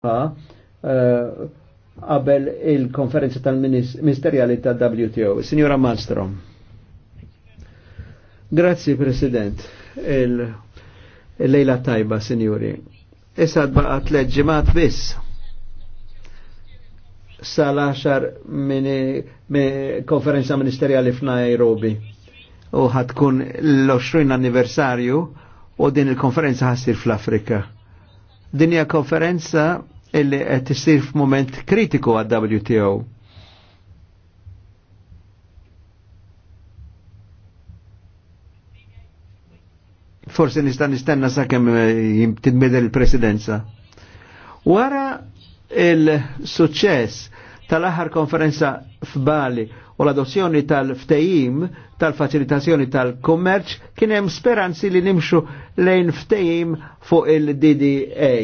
Eh, qabel il-konferenza tal-ministerjali ta' wto Signora Malmström. Grazzi, President. Il-lejla tajba, signori. Issa baqat leġi leġimat biss sal axar minni konferenza ministerjali f'Nairobi u ħatkun l-20 anniversarju u din il-konferenza ħassir fl-Afrika Dinja konferenza illi qed isir f'mument kritiku għad-WTO. Forse nista' nistenna sakemm eh, tidbidel il-presidenza. Wara il-suċċess tal-aħħar konferenza f'Bali u l-adozzjoni tal-ftejim tal-facilitazzjoni tal-kommerċ kien hemm speranzi li nimxu lejn ftejim fuq il-DDA.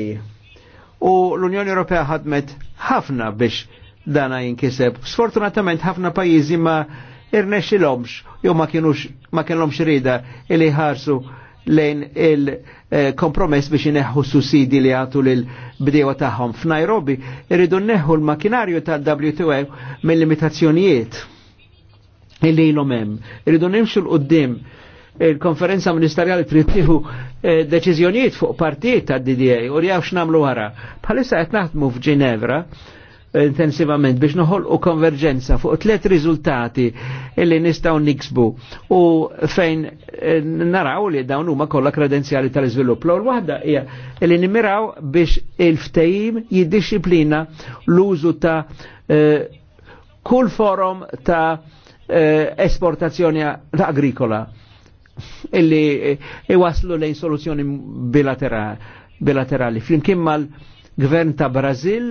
U l-Unjoni Ewropea ħadmet ħafna biex dana jinkiseb. Sfortunatament ħafna pajjiżi ma irnexxilhomx jew ma kienux ma kellhomx rida li ħarsu lejn il-kompromess biex ineħħu sussidi li għatu l-bdewa tagħhom f'Nairobi, irridu neħħu l-makinarju tal-WTO e mill-limitazzjonijiet il ilhom hemm. Irridu nimxu l-qudiem il-konferenza ministerjali trid tieħu eh, deċiżjonijiet fuq partijiet tad-DDA u rjaw x'namlu wara. Bħalissa qed naħdmu f'Ġinevra eh, intensivament biex noħol u konverġenza fuq tliet riżultati illi nistgħu niksbu u fejn eh, naraw li dawn huma kollha kredenzjali tal-iżvilupp. L-ewwel waħda hija illi nimmiraw biex il-ftehim jiddixxiplina l-użu ta' kull forum ta' Eh, esportazzjoni agrikola illi eh, iwaslu lejn soluzzjoni bilaterali. Flimkien mal-gvern ta' Brazil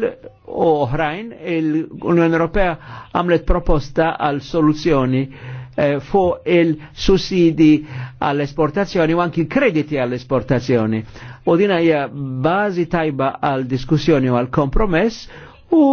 u oħrajn, l-Unjoni Ewropea għamlet proposta għal soluzzjoni eh, fuq il-sussidi għall-esportazzjoni u anki krediti għall-esportazzjoni. U dina hija bażi tajba għal diskussjoni u għal kompromess u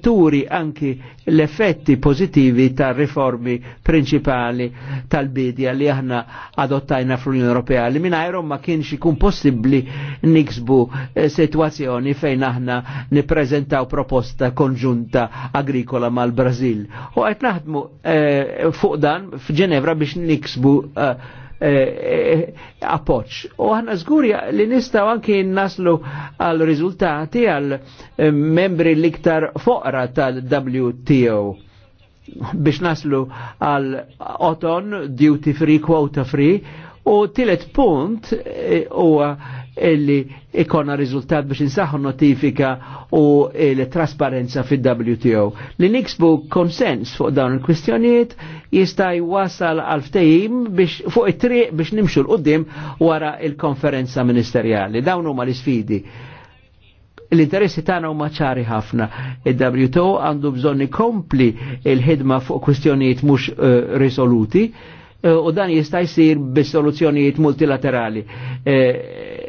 turi anki l-effetti pozitivi ta' riformi principali tal-bidja li aħna adottajna fl-Unjoni Ewropea li minnajrom ma kienx ikun possibbli niksbu eh, situazzjoni fejn aħna niprezentaw proposta konġunta agrikola mal-Brazil. U għet naħdmu eh, fuq dan f'Ġenevra biex niksbu eh, Eh, eh, appoċ. U għanna zguri li nistaw anki naslu għal riżultati għal eh, membri liktar foqra tal-WTO biex naslu għal oton duty free, quota free u tillet punt u illi ikonna riżultat biex insaħħu notifika u l-trasparenza fil-WTO. Li niksbu konsens fuq dawn il-kwistjonijiet jista' jwasal għal ftehim biex fuq it-triq biex nimxu l-qudiem wara il-konferenza ministerjali. Dawn huma l-isfidi l-interessi tagħna huma ċari ħafna. Il-WTO għandu bżonn kompli il-ħidma fuq kwistjonijiet mhux uh, eh, risoluti eh, u dan jista' jsir bis-soluzzjonijiet multilaterali. Uh,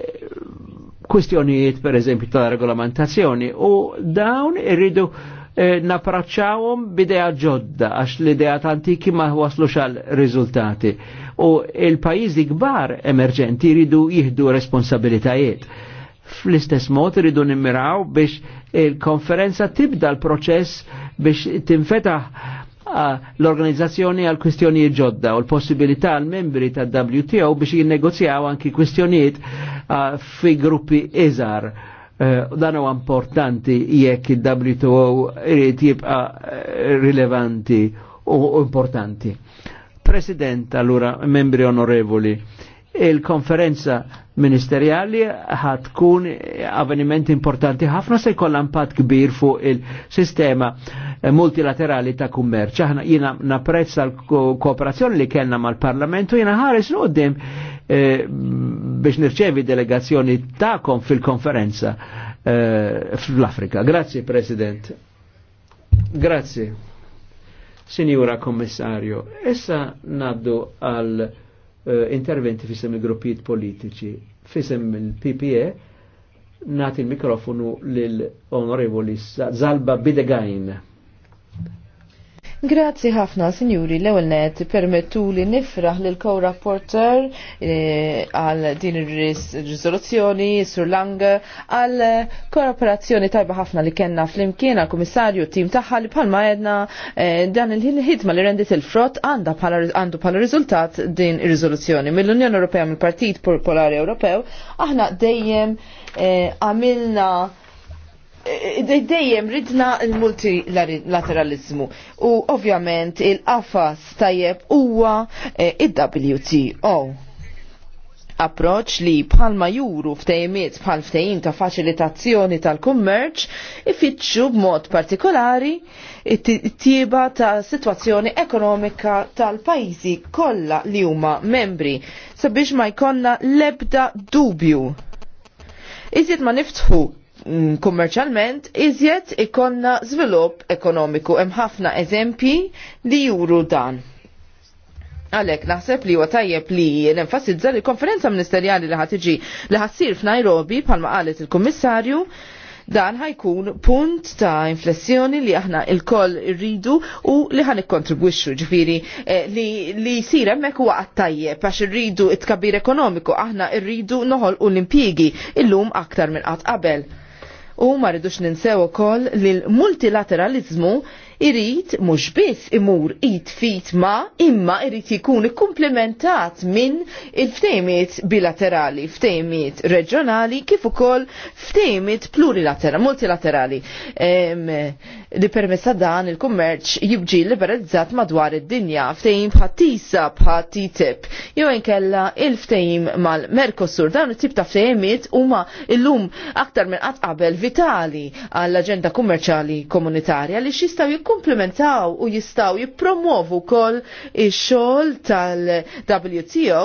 kwestjonijiet per eżempju ta' regolamentazzjoni u dawn irridu eh, napraċċawhom b'idea ġodda għax l-idea antiki ma waslux għal riżultati u il-pajjiżi kbar emerġenti jridu jihdu responsabilitajiet. Fl-istess mod irridu nimmiraw biex il-konferenza tibda l-proċess biex tinfetaħ Ah, l-organizzazzjoni għal kwistjonijiet ġodda u l-possibilità għal membri ta' WTO biex jinnegozjaw anki kwistjonijiet ah, fi gruppi iżar. Eh, dan huwa importanti jekk il-WTO irid jibqa eh, rilevanti u importanti. President, allura, membri onorevoli, il-konferenza ministeriali kun avveniment importanti ħafna se jkollha impatt kbir fuq il-sistema Eh, multilaterali ta' kummerċ. Aħna jina napprezza l-kooperazzjoni li kellna mal-Parlamentu, jina ħares l-qoddim eh, biex nirċevi delegazzjoni ta'kom fil-konferenza eh, fl-Afrika. Grazie, President. Grazie, Signora Commissario, Essa naddu għal eh, interventi fissem il-gruppijiet politiċi, fissem il-PPE, nati il-mikrofonu l-onorevoli Zalba Bidegajn. Grazzi ħafna, sinjuri, l ewwel net permettu li nifraħ lil co rapporter eh, għal din ir-riżoluzzjoni sur lang għal kooperazzjoni tajba ħafna li kellna fl imkiena komissarju tim tagħha li bħalma edna eh, dan il-ħidma li rendit il-frott għandu bħala riżultat din ir-riżoluzzjoni. Mill-Unjoni Ewropea mill-Partit Popolari Ewropew aħna dejjem eh, għamilna dejjem ridna l-multilateralizmu u ovvjament il-qafas tajjeb huwa e, il wto approċ li bħalma juru ftejmiet bħal ftejim ta' faċilitazzjoni tal-kummerċ ifittxu b'mod partikolari it-tieba ta' situazzjoni ekonomika tal-pajjiżi kollha li huma membri sabiex ma jkollna lebda dubju. Iżjed ma niftħu Mm, kummerċjalment iżjed ikonna żvilupp ekonomiku hemm ħafna eżempji li juru dan. Għalek, naħseb li huwa tajjeb li nenfasizza li konferenza ministerjali li ħatiġi li ħassir f'Nairobi bħalma qalet il-Kummissarju dan ħajkun punt ta' inflessjoni li aħna il-koll rridu u li ħan ikkontribwixxu ġifiri eh, li, li jsir hemmhekk huwa għattajjeb għax irridu it tkabbir ekonomiku aħna rridu noħol u l-impjiegi illum aktar minn qatt qabel. U ma rridux ninsew ukoll li l-multilateralizmu irid mhux biss imur id fit ma imma irid jkun ikkumplementat minn il-ftejmiet bilaterali, ftejmiet reġjonali kif ukoll ftejmiet plurilaterali, multilaterali. Ehm, li permessa dan il-kummerċ jibġi liberalizzat madwar id-dinja ftejim bħat tisa bħat TTIP jew kella il-ftejim mal-Mercosur dan it-tip ta' ftejimiet huma illum aktar minn qatt qabel vitali għall-aġenda kummerċali komunitarja li jistgħu jikkumplementaw u jistgħu jippromovu wkoll ix-xogħol tal-WTO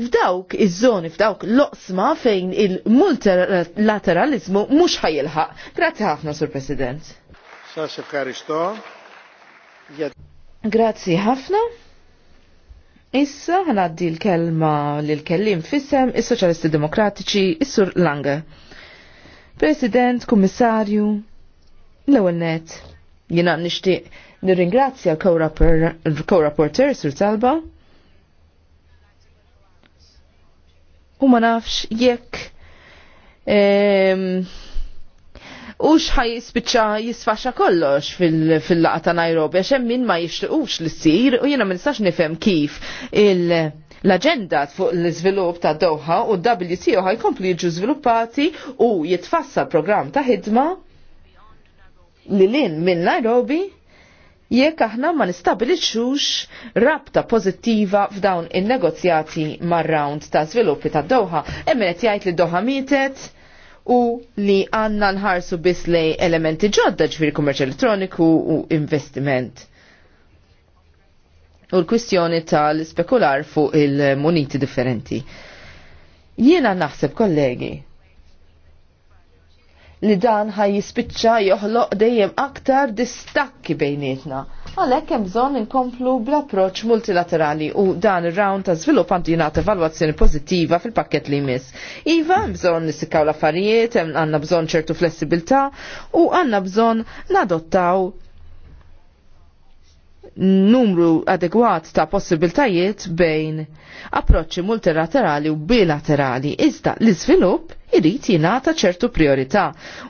f'dawk iż-żoni, f'dawk l-oqsma fejn il-multilateralizmu mhux ħajilħaq. Grazzi ħafna, Sur President. Grazzi ħafna. Issa ħanaddi l-kelma l-kellim fissem is-Soċjalisti Demokratiċi is-Sur Lange. President, Kummissarju, l-ewwel net. nishti nixtieq nirringrazzja l-co-rapporter Sur Talba. U ma nafx jekk ehm, u xħaj spiċċa jisfaxa kollox fil-laqa ta' Nairobi, għax hemm min ma jixtiqux l sir u jiena ma nistax nifhem kif il- l-agenda fuq l-izvilup ta' Doha u WTO ħajkomplu jiġu żviluppati u jitfassal program ta' ħidma li lin minn Nairobi jekk aħna ma nistabilixux rabta pozittiva f'dawn in-negozjati mar-round ta' żviluppi ta' Doha. Emmenet qed jgħid li Doha mietet, u li għanna nħarsu biss lej elementi ġodda ġifiri kummerċ elettroniku u investiment. U l-kwistjoni tal-spekular fuq il-moniti differenti. Jiena naħseb kollegi li dan ħaj jispiċċa joħloq dejjem aktar distakki bejnietna Għalhekk hemm bżonn inkomplu bl-approċċ multilaterali u dan ir-round ta' żvilupp għandu jingħata evalwazzjoni pożittiva fil-pakkett li jmiss. Iva, hemm bżonn nissikkaw l-affarijiet, hemm għandna bżonn ċertu flessibilità u għandna bżonn nadottaw numru adegwat ta' possibiltajiet bejn approċċi multilaterali u bilaterali. Iżda l-iżvilupp irrit jingħata ċertu priorità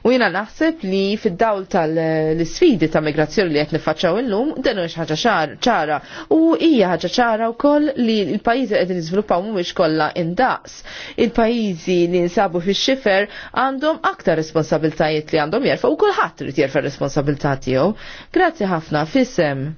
u jiena naħseb li fid-dawl tal-isfidi ta' migrazzjoni li qed niffaċċaw illum dan hux ħaġa ċara u hija ħaġa ċara wkoll li l-pajjiżi qed niżviluppaw mhumiex kollha indaqs. Il-pajjiżi li nsabu fix-xifer għandhom aktar responsabiltajiet li għandhom jerfa' u kulħadd irid jerfa' responsabilità tiegħu. Grazzi ħafna fisem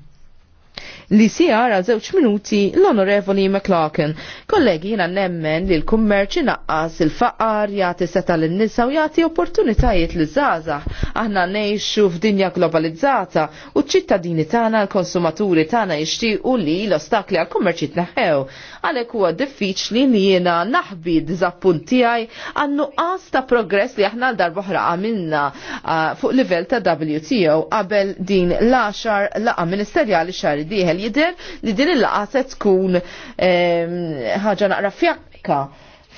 li si għara żewġ minuti l-Onorevoli McLaughlin. Kollegi jina nemmen li l kummerċi naqqas il-faqar jagħti seta lin-nisa u jagħti opportunitajiet li zaza. Aħna ngħixu f'dinja globalizzata u ċ-ċittadini tagħna l-konsumaturi tagħna jixtiequ li l-ostakli għal kummerċi jitneħħew. Għalhekk huwa diffiċli li jiena naħbi diżappunti għaj għan-nuqqas ta' progress li aħna l-darbohra għamilna ah, fuq livell ta' WTO qabel din l axar laqa ministerjali xahar dieħel jider li din il-laqgħa se tkun ehm, ħaġa naqra fjakka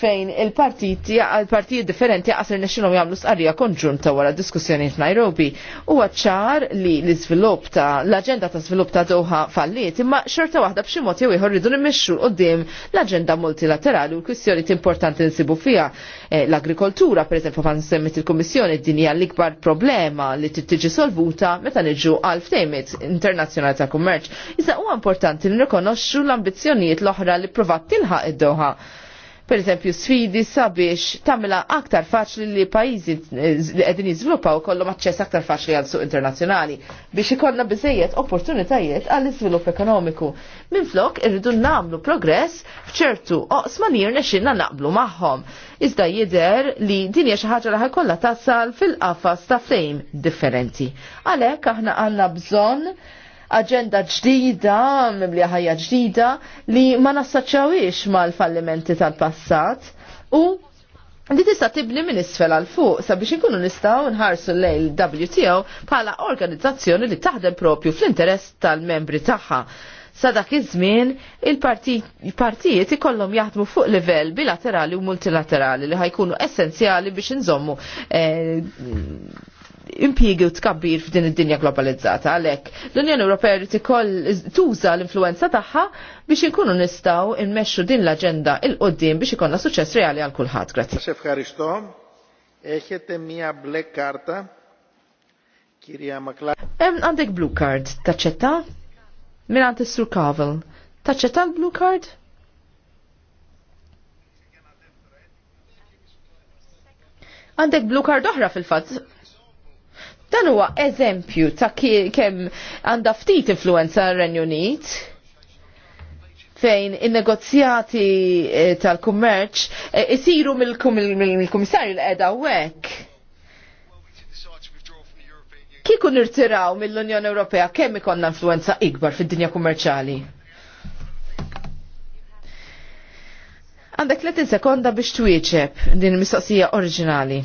fejn il partijt il-partijiet differenti għasir nexxinhom jagħmlu sqarrija konġunta wara diskussjoni f'Nairobi. Huwa ċar li l-iżvilupp ta' l-aġenda ta' żvilupp ta' Doha falliet imma xorta waħda b'xi mod jew ridun ridu nimmixxu qudiem l-aġenda multilaterali u l-kwistjoni importanti nsibu fiha eh, l-agrikoltura, pereżempju fan semmit il-Kummissjoni d-dinja l-ikbar problema li tiġi solvuta meta niġu għal ftejmiet internazzjonali ta' kummerċ. Iżda huwa importanti li nirrikonoxxu l-ambizzjonijiet l-oħra li provat tilħaq id-Doha per eżempju sfidi sabiex tamla aktar faċli li pajizi eh, li qegħdin jiżviluppaw kollhom aċċess aktar faċli għal suq internazzjonali biex ikollna biżejjed opportunitajiet għall iżvilupp ekonomiku. Minflok irridu nagħmlu progress f'ċertu oqsma li naqblu magħhom. Iżda jidher li din hija xi ħaġa li tassal fil-qafas ta' fejm differenti. Għalhekk aħna għandna bżonn aġenda ġdida, mibli ħajja ġdida li ma nassaċċawix mal-fallimenti tal-passat u li tista' tibni minn isfel għal fuq sabiex inkunu nistgħu nħarsu lejl WTO bħala organizzazzjoni li taħdem propju fl-interess tal-membri tagħha. Sa dak iż-żmien il-partijiet ikollhom jaħdmu fuq livell bilaterali u multilaterali li ħajkunu essenzjali biex inżommu eh, impjiegi u tkabbir f'din id-dinja globalizzata. Għalhekk l-Unjoni Ewropea rrid ikoll tuża l-influenza tagħha biex inkunu nistgħu nmexxu din l-aġenda il qoddim biex ikollna suċċess reali għal kulħadd. Grazzi. Eħete mia black karta. Kirja Makla. Hemm għandek blue card, taċċetta? Min għandi is-Sur Kavel. Taċċetta l-blue card? Għandek blue card oħra fil-fatt, Dan huwa eżempju ta' kemm għandha ftit influenza r-Renju Unit fejn in-negozjati eh, tal-kummerċ eh, isiru mill-kummissarju l-qeda hekk. Kiku nirtiraw mill-Unjoni Ewropea kemm ikonna influenza ikbar fid-dinja kummerċali? Għandek 30 sekonda biex twieċeb din il-mistoqsija oriġinali.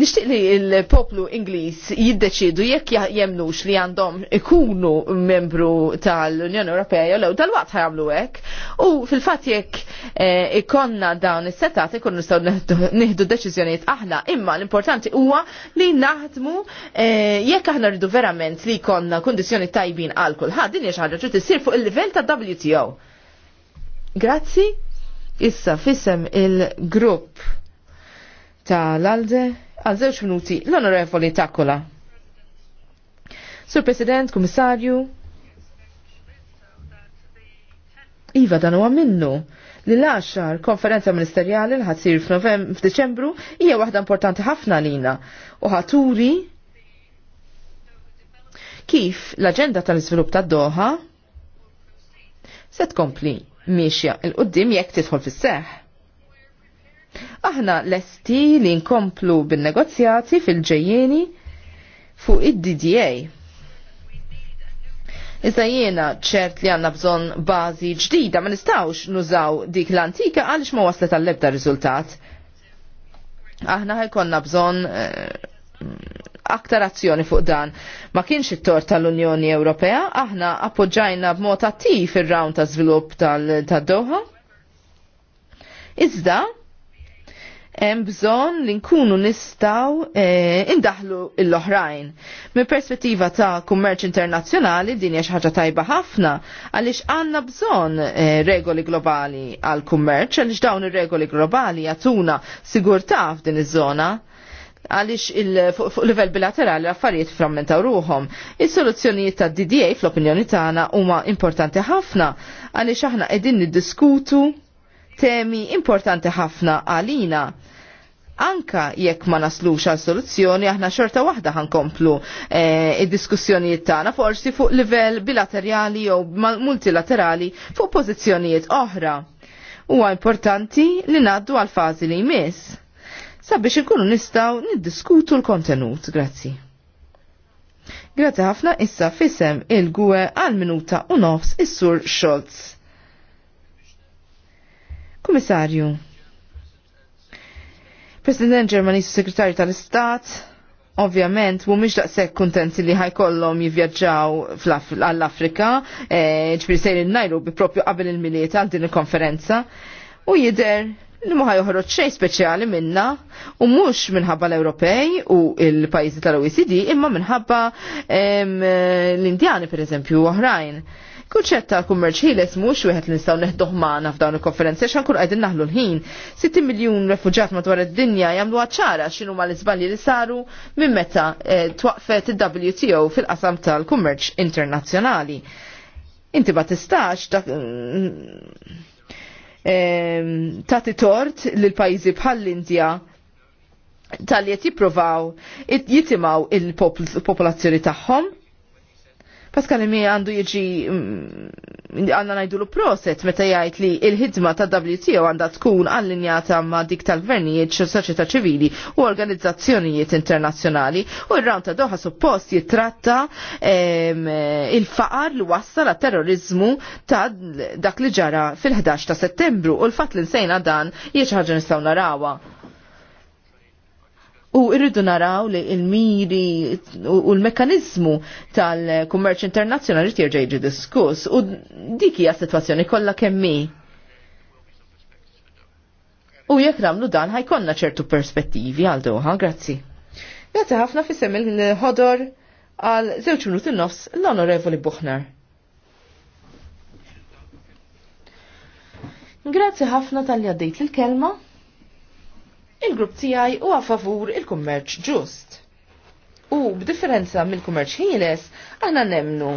Nixtieq li l-poplu Ingliż jiddeċidu jekk jemnux li għandhom ikunu membru tal-Unjoni Ewropea jew lew tal-waqt ħajamlu hekk. U fil-fatt jekk eh, ikonna dawn is-setat ikun nistgħu nieħdu deċiżjonijiet aħna, imma l-importanti huwa li naħdmu eh, jekk aħna rridu verament li jkollna kundizzjoni tajbin għal kulħadd din hija xi ħaġa trid issir fuq il-livell ta' wto Grazzi. Issa fisem il-grupp tal-Alde Għal żewġ minuti l-Onorevoli Takola. Sur President, Kummissarju, Iva dan huwa minnu li l-10 konferenza ministerjali l ħadsir f'Deċembru hija waħda importanti ħafna lina u ħaturi kif l-aġenda tal-iżvilupp tad-Doha se tkompli miexja il-qoddim jekk tidħol fis-seħħ. Aħna lesti li nkomplu bin-negozjati fil-ġejjeni fuq id-DDA. Iżda jiena ċert li għanna bżon bażi ġdida, ma nistawx nużaw dik l-antika għaliex ma waslet għall-ebda riżultat. Aħna ħajkonna bżon eh, aktar azzjoni fuq dan. Ma kienx it-tort tal-Unjoni Ewropea, aħna appoġġajna b'mod attiv ir-round ta' żvilupp tad-Doha. Iżda, hemm bżonn li nkunu nistgħu eh, indaħlu l-oħrajn. Minn perspettiva ta' kummerċ internazzjonali din hija xi ħaġa tajba ħafna għaliex għandna bżonn eh, regoli globali għal kummerċ għaliex dawn ir-regoli globali jagħtuna sigurtà f'din iż-żona għalix fuq livell bilaterali affarijiet frammentaw ruħom. Is-soluzzjonijiet ta' DDA fl-opinjoni tagħna huma importanti ħafna għaliex aħna qegħdin niddiskutu temi importanti ħafna għalina. Anka jekk ma naslux għal soluzzjoni, aħna xorta waħda ħankomplu eh, id-diskussjonijiet tagħna forsi fuq livell bilaterali jew multilaterali fuq pożizzjonijiet oħra. Huwa importanti li ngħaddu għal fażi li jmiss sabiex inkunu nistgħu niddiskutu l-kontenut. Grazzi. Grazzi ħafna issa fisem il-gwe għal minuta u nofs is-sur Scholz. Komissarju, President Ġermanis u Segretarju tal-Istat, ovvjament, mu miex daqseg kontenti li ħajkollom jivjaġġaw għall-Afrika, e, ġbir sejrin bi propju qabel il-miliet għal din il-konferenza, u jider li muħaj joħroġ xej speċjali minna u mhux minħabba l-Ewropej u l-pajjiżi tal-OECD imma minħabba l-Indjani pereżempju u oħrajn. Kunċett ta' kummerċ ħieles mhux wieħed li nistgħu neħduh magħna f'dawn il-konferenzi għax ankun qegħdin naħlu l-ħin. 6 miljun refuġat madwar id-dinja jagħmlu ċara x'inhu ma l-iżbalji li saru minn meta eh, twaqfet il-WTO fil-qasam tal-kummerċ internazzjonali. Inti ma tistax eh, tagħti tort lil pajjiżi bħall-Indja tal-li jett jittimaw il-popolazzjoni tagħhom li mi għandu jiġi mm, għanna najdu l proset meta jgħid li il-ħidma ta' WTO għandha tkun allinjata ma' dik tal-gvernijiet soċjetà ċivili u organizzazzjonijiet internazzjonali u r-round ta' doħa suppost jitratta il-faqar li wassal għat terrorizmu ta' dak li ġara fil-11 ta' settembru u l-fat li nsejna dan jiex ħaġa nistgħu narawha U irridu naraw li il-miri u l-mekanizmu tal-kummerċ internazzjonali tjerġa jiġi diskuss u dik hija situazzjoni kollha kemmi. U jekk nagħmlu dan ħajkonna ċertu perspettivi għal doha, grazzi. Grazzi ħafna fisem il-ħodor għal żewġ minuti nofs l-Onorevoli Buchner. Grazzi ħafna tal-li għaddejt l-kelma il-grupp tiegħi huwa favur il-kummerċ ġust. U b'differenza mill-kummerċ ħieles, aħna nemnu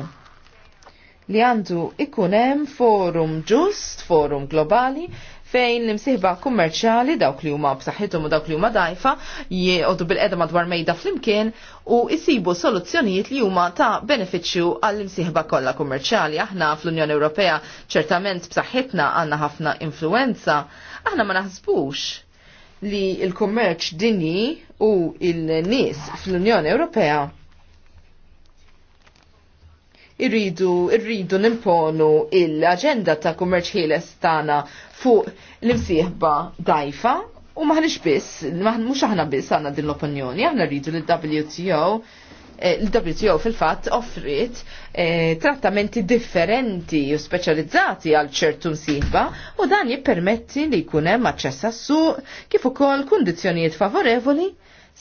li għandu ikun hemm forum ġust, forum globali, fejn l-imsiħba kummerċali dawk li huma b'saħħithom u dawk li huma dajfa jgħodu bil-qeda madwar mejda flimkien u jsibu soluzzjonijiet li huma ta' benefiċċju għall-imsiħba kollha kummerċali. Aħna fl-Unjoni Ewropea ċertament b'saħħitna għandna ħafna influenza, aħna ma naħsbux li il-kummerċ dinji u il-nies fl-Unjoni Ewropea irridu irridu nimponu il-agenda ta' kummerċ ħieles tagħna fuq l-imsieħba dajfa u maħniex biss, maħn mhux aħna biss għandna din l-opinjoni, aħna rridu l-WTO Eh, l-WTO fil-fatt offrit eh, trattamenti differenti u speċjalizzati għal ċertu msiba u dan jippermetti li jkun hemm aċċess għas-suq kif ukoll kundizzjonijiet favorevoli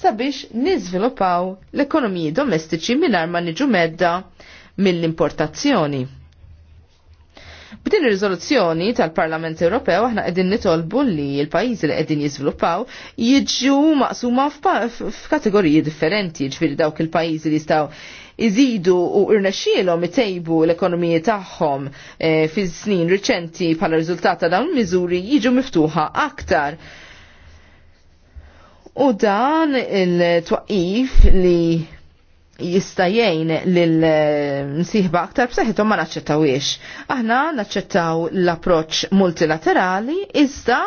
sabiex nizvilupaw l-ekonomiji domestiċi mingħajr ma niġu medda mill-importazzjoni. B'din ir-riżoluzzjoni tal-Parlament Ewropew aħna qegħdin nitolbu li l-pajjiżi li qegħdin jiżviluppaw jiġu maqsuma f'kategoriji differenti, ġifieri dawk il-pajjiżi li jistgħu iżidu u irnexxielhom itejbu l-ekonomiji tagħhom e, fi snin riċenti bħala riżultat ta' dawn miżuri jiġu miftuħa aktar. U dan il-twaqif li jista' jgħin lil msieħba eh, aktar b'saħħithom ma naċċettawiex. Aħna naċċettaw l-approċċ multilaterali iżda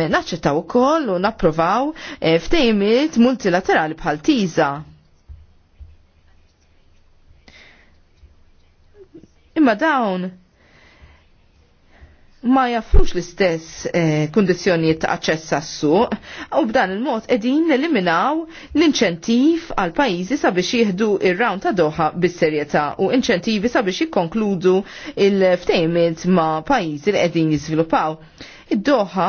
naċċettaw ukoll u napprovaw eh, ftejmiet multilaterali bħal tiża. Imma dawn ma jaffrux l-istess eh, ta' aċċess għas-suq u b'dan il-mod qegħdin neliminaw l-inċentiv għal pajjiżi sabiex jieħdu ir-round ta' doħa bis-serjetà u inċentivi sabiex jikkonkludu il ftejmet ma' pajjiżi li qegħdin jizvilupaw id-doħa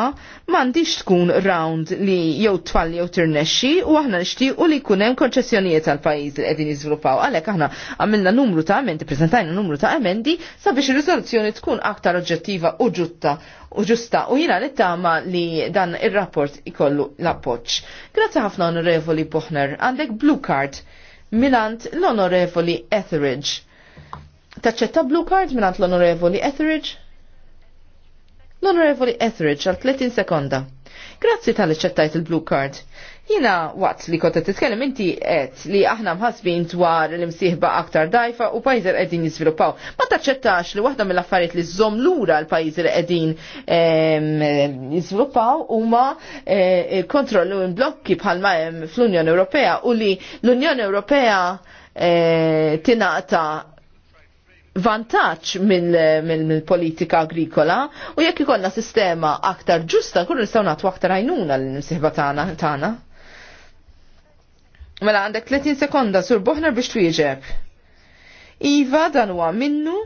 m'għandix tkun round li jew twalli jew tirnexxi u aħna nixtiequ li jkun hemm konċessjonijiet għal pajjiż li qegħdin jiżviluppaw. Għalhekk aħna għamilna numru ta' emendi, preżentajna numru ta' emendi sabiex ir-riżoluzzjoni tkun aktar oġġettiva u ġutta u ġusta u jina li tama li dan ir-rapport ikollu l appoġġ Grazzi ħafna onorevoli Buchner, għandek blue card minant l-onorevoli Etheridge. Taċċetta blue card minant l-onorevoli Etheridge? L-Onorevoli Etheridge għal 30 sekonda. Grazzi tal-ċettajt il-blue card. Jina waqt li kota titkellem inti qed li aħna mħasbin dwar l-imsieħba aktar dajfa u pajjiżi qegħdin jiżviluppaw. Ma taċċettax li waħda mill-affarijiet li żżomm lura l-pajjiżi li qegħdin ehm, jiżviluppaw huma eh, kontrollu blokki bħalma hemm fl-Unjoni Ewropea u li l-Unjoni Ewropea eh, tingħata vantaġġ mill-politika agrikola u jekk ikollna sistema aktar ġusta kullu nistgħu nagħtu aktar għajnuna l nimsieħba tagħna. Mela għandek 30 sekonda sur boħner biex twieġeb. Iva dan huwa minnu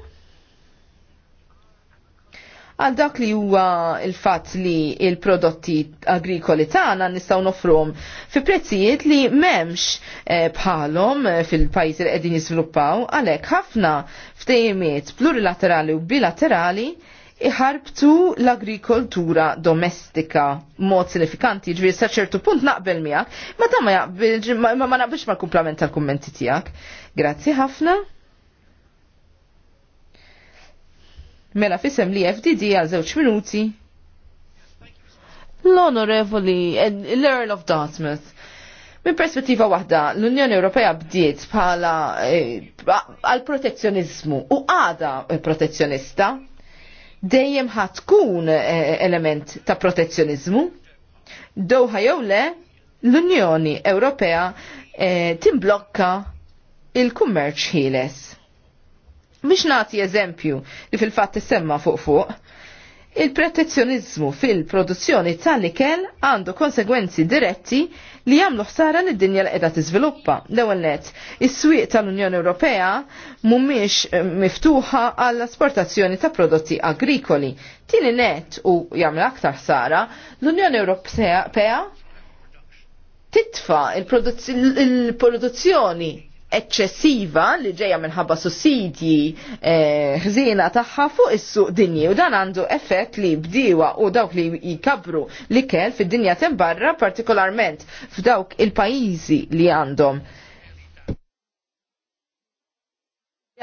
għal dak li huwa il-fatt li il-prodotti agrikoli tagħna nistgħu nofrom fi prezzijiet li m'hemmx eh, bħalhom eh, fil-pajjiż li qegħdin jiżviluppaw għalhekk ħafna ftehimiet plurilaterali u bilaterali iħarbtu l-agrikoltura domestika mod sinifikanti ġviri sa ċertu punt naqbel miegħek, ma ta' ma ma naqbilx mal-kumplament tal-kummenti tiegħek. Grazzi ħafna. Mela fisem li FDD għal żewġ minuti. L-Onorevoli, l-Earl of Dartmouth. Min perspettiva waħda, l-Unjoni Ewropea bdiet bħala eh, għal e, protezzjonizmu u għada protezzjonista dejjem ħatkun eh, element ta' protezzjonizmu. Dowħa jew le, l-Unjoni Ewropea eh, timblokka il-kummerċ ħieles Mhix nagħti eżempju li fil-fatt issemma fuq fuq. Il-protezzjonizmu fil-produzzjoni tal-ikel għandu konsegwenzi diretti li jagħmlu ħsara lid dinja li qiegħda tiżviluppa. L-ewwel nett, is-swieq tal-Unjoni Ewropea mhumiex eh, miftuħa għall esportazzjoni ta' prodotti agrikoli. Tieni nett u jagħmel aktar ħsara, l-Unjoni Ewropea titfa il-produzzjoni eċċessiva li ġeja minħabba sussidji eh, ħżina tagħha fuq is-suq dinji u dan għandu effett li bdiewa u dawk li jkabru li kell fid-dinja tembarra partikolarment f'dawk il-pajjiżi li għandhom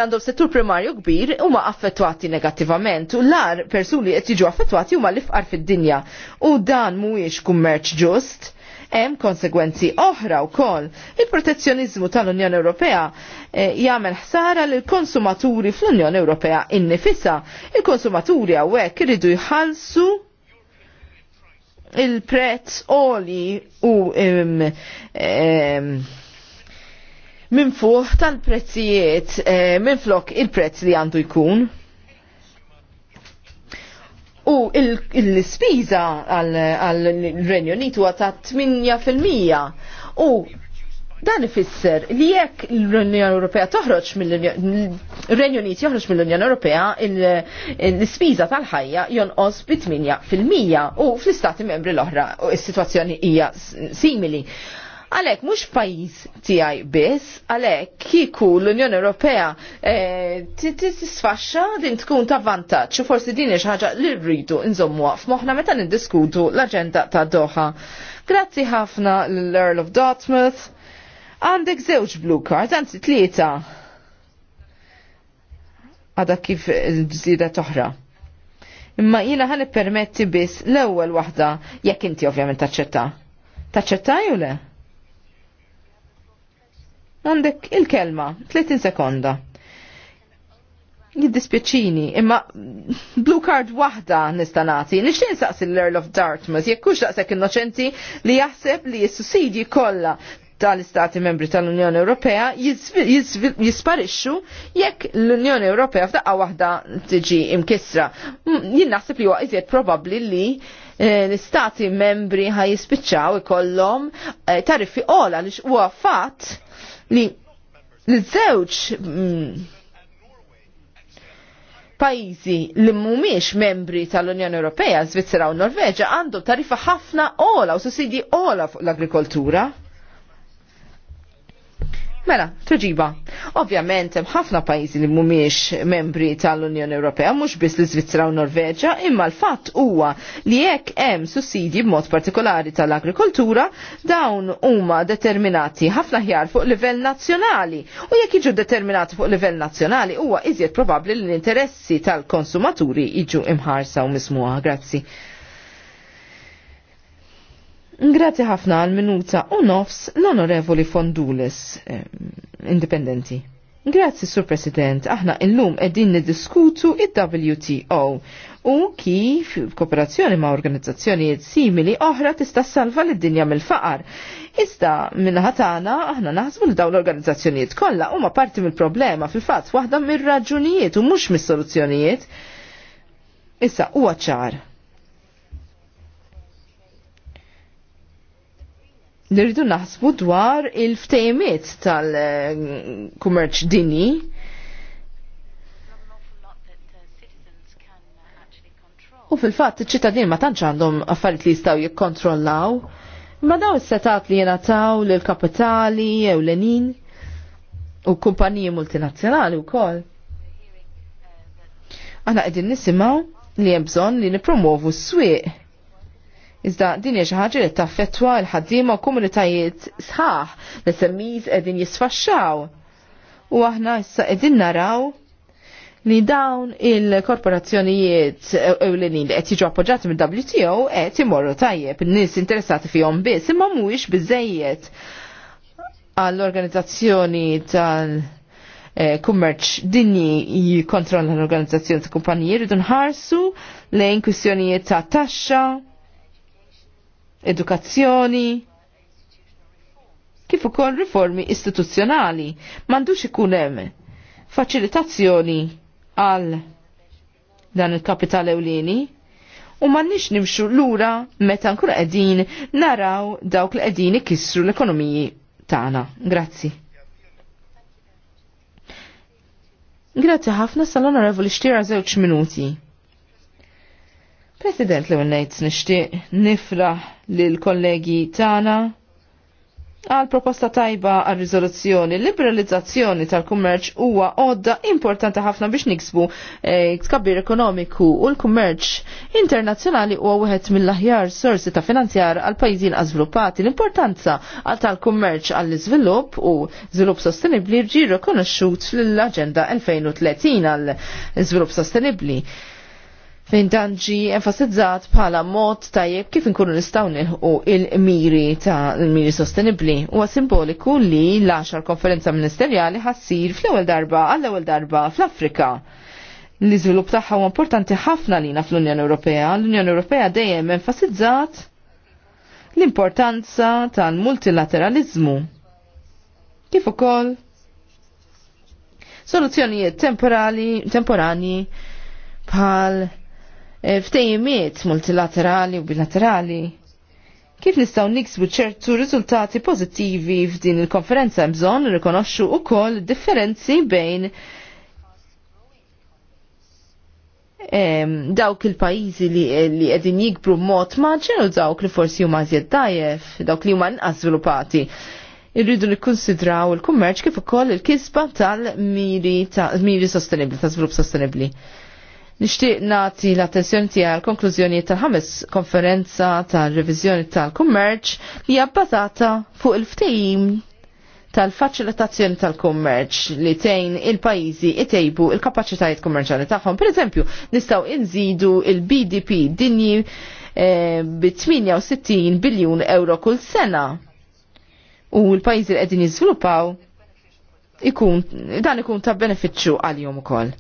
għandu settur primarju kbir huma affettwati negattivament u l-ar persuni qed jiġu affettwati huma l-ifqar fid-dinja u dan mhuwiex kummerċ ġust hemm konsegwenzi oħra wkoll. Il-protezzjonizmu tal-Unjoni Ewropea eh, jagħmel ħsara lil konsumaturi fl-Unjoni Ewropea innifisa. Il-konsumaturi hawnhekk iridu jħallsu il-prezz oli u minn fuq tal-prezzijiet eh, minn flok il-prezz li għandu jkun. U l-spiża għal-Renju Unitu ta' 8%. U dan ifisser li jekk l-Unjoni Ewropea toħroġ mill-Renju Unit joħroġ mill-Unjoni Ewropea l-ispiża tal-ħajja jonqos bi 8% u fl-istati membri l-oħra u s-sitwazzjoni hija simili. Għalek, mux pajis tijaj bis, għalek, kiku l-Unjoni Ewropea eh, tisfaxxa din tkun ta' vantaċ, u forsi din ħaġa li rridu nżommu għaf moħna meta nindiskutu l-agenda ta' Doha. Grazzi ħafna l-Earl of Dartmouth. Għandek zewġ blue cards, għanzi tlieta. Għada kif zida toħra imma jina ħan permetti biss l-ewwel waħda jekk inti ovvjament taċċetta. Taċċetta jew le? Għandek il-kelma, 30 sekonda. Jiddispjaċini, imma blue card wahda nistanati. nixtin saqs l-Earl of Dartmouth, jekk hux daqshekk innoċenti li jaħseb li s-sussidji kollha tal-Istati membri tal-Unjoni Ewropea jisparixxu jekk l-Unjoni Ewropea f'daqqa waħda tiġi imkisra. Jien naħseb li huwa iżjed probabbli li eh, l-Istati membri ħaj jispiċċaw ikollhom eh, tariffi ola li huwa fatt li l-żewġ mm, pajjiżi li mhumiex membri tal-Unjoni Ewropea, Svizzera u Norveġa, għandhom tarifa ħafna ola u sussidi ola fuq l-agrikoltura. Mela, tuġiba. Ovvjament, hemm ħafna pajjiżi li mhumiex membri tal-Unjoni Ewropea, mhux biss l-Iżvizzera u Norveġa, imma l-fatt huwa li jekk hemm sussidji b'mod partikolari tal-agrikoltura, dawn huma determinati ħafna ħjar fuq livell nazzjonali. U jekk jiġu determinati fuq livell nazzjonali, huwa iżjed probabbli li l-interessi tal-konsumaturi jiġu imħarsa u mismuha. Grazzi. Grazzi ħafna għal minuta u nofs l-onorevoli Fondulis eh, indipendenti. Grazzi, Sur President, aħna illum edin niddiskutu il-WTO u kif kooperazzjoni ma' organizzazzjonijiet simili oħra tista' salva lid-dinja mill-faqar. Iżda minnaħatana aħna naħsbu li daw l-organizzazzjonijiet kollha huma parti mill-problema fil-fatt waħda mir-raġunijiet u mhux mis-soluzzjonijiet. Issa huwa ċar nirridu naħsbu dwar il-ftejmiet tal-kummerċ dini U fil-fatt iċ-ċittadin ma tantx għandhom affarijiet li jistgħu jikkontrollaw. Ma daw is-setat li taw l kapitali jew lenin u kumpaniji multinazzjonali wkoll. Aħna qegħdin nisimgħu li hemm bżonn li nippromovu s-swieq Iżda din hija xi ħaġa li taffettwa l-ħaddiema u komunitajiet sħaħ li semmiż qegħdin jisfaxxaw. U aħna issa qegħdin naraw li dawn il-korporazzjonijiet ewlenin li qed jiġu appoġġati mill-WTO qed imorru tajjeb in-nies interessati fihom biss imma mhuwiex biżejjed għall-organizzazzjoni tal- eh, kummerċ dinji jikontrolla l-organizzazzjoni ta' kumpaniji rridu nħarsu lejn kwistjonijiet ta' taxxa, edukazzjoni, kif ukoll riformi istituzzjonali m'għandux ikun hemm faċilitazzjoni għal dan il-kapital ewlieni u m'għandniex nimxu lura meta nkunu qegħdin naraw dawk li qegħdin ikissru l-ekonomiji tagħna. Grazzi. Grazzi ħafna sal-onorevoli xtira żewġ minuti. President li unnejt nishtiq nifraħ lil kollegi tana għal proposta tajba għal rizoluzzjoni. Liberalizzazzjoni tal-kummerċ huwa għodda importanti ħafna biex niksbu eh, tkabbir ekonomiku u l-kummerċ internazzjonali huwa wieħed mill-aħjar sorsi ta' finanzjar għal pajjiżin għażviluppati. L-importanza għal tal-kummerċ għall iżvilupp u żvilupp sostenibbli ġi rikonoxxut fl-Aġenda 2030 għall iżvilupp sostenibbli fejn dan ġi enfasizzat bħala mod tajjeb kif inkunu nistgħu nilħu il-miri ta' il-miri sostenibbli. Huwa simboliku li l-10 konferenza ministerjali ħassir fl-ewwel darba għall-ewwel darba fl-Afrika. L-iżvilupp tagħha huwa importanti ħafna lina fl-Unjoni Ewropea. L-Unjoni Ewropea dejjem enfasizzat l-importanza tal-multilateralizmu. Kif ukoll soluzzjonijiet temporali temporani bħal Eh, ftejimiet multilaterali u bilaterali. Kif nistaw niksbu ċertu riżultati pozittivi f'din il-konferenza bżonn rikonoxxu ukoll differenzi bejn em, dawk il-pajjiżi li qegħdin jikbru mod maġen u dawk li forsi huma mażjed dajef, dawk li huma inqas żviluppati. Irridu nikkonsidraw il-kummerċ kif ukoll il-kisba tal-miri ta' miri sostenibli, ta' żvilupp sostenibbli. Nishtiq nati l-attenzjoni tiegħi għal konklużjoni tal-ħames konferenza tal revizjoni tal-kummerċ li hija bbażata fuq il-ftehim tal-faċilitazzjoni tal-kummerċ li tejn il-pajjiżi itejbu il-kapaċitajiet kummerċjali tagħhom. Pereżempju, nistgħu inżidu il-BDP dinji eh, bi 68 biljun euro kull sena. U l-pajjiżi li qegħdin jiżviluppaw ikun dan ikun ta' benefiċċju għalihom ukoll.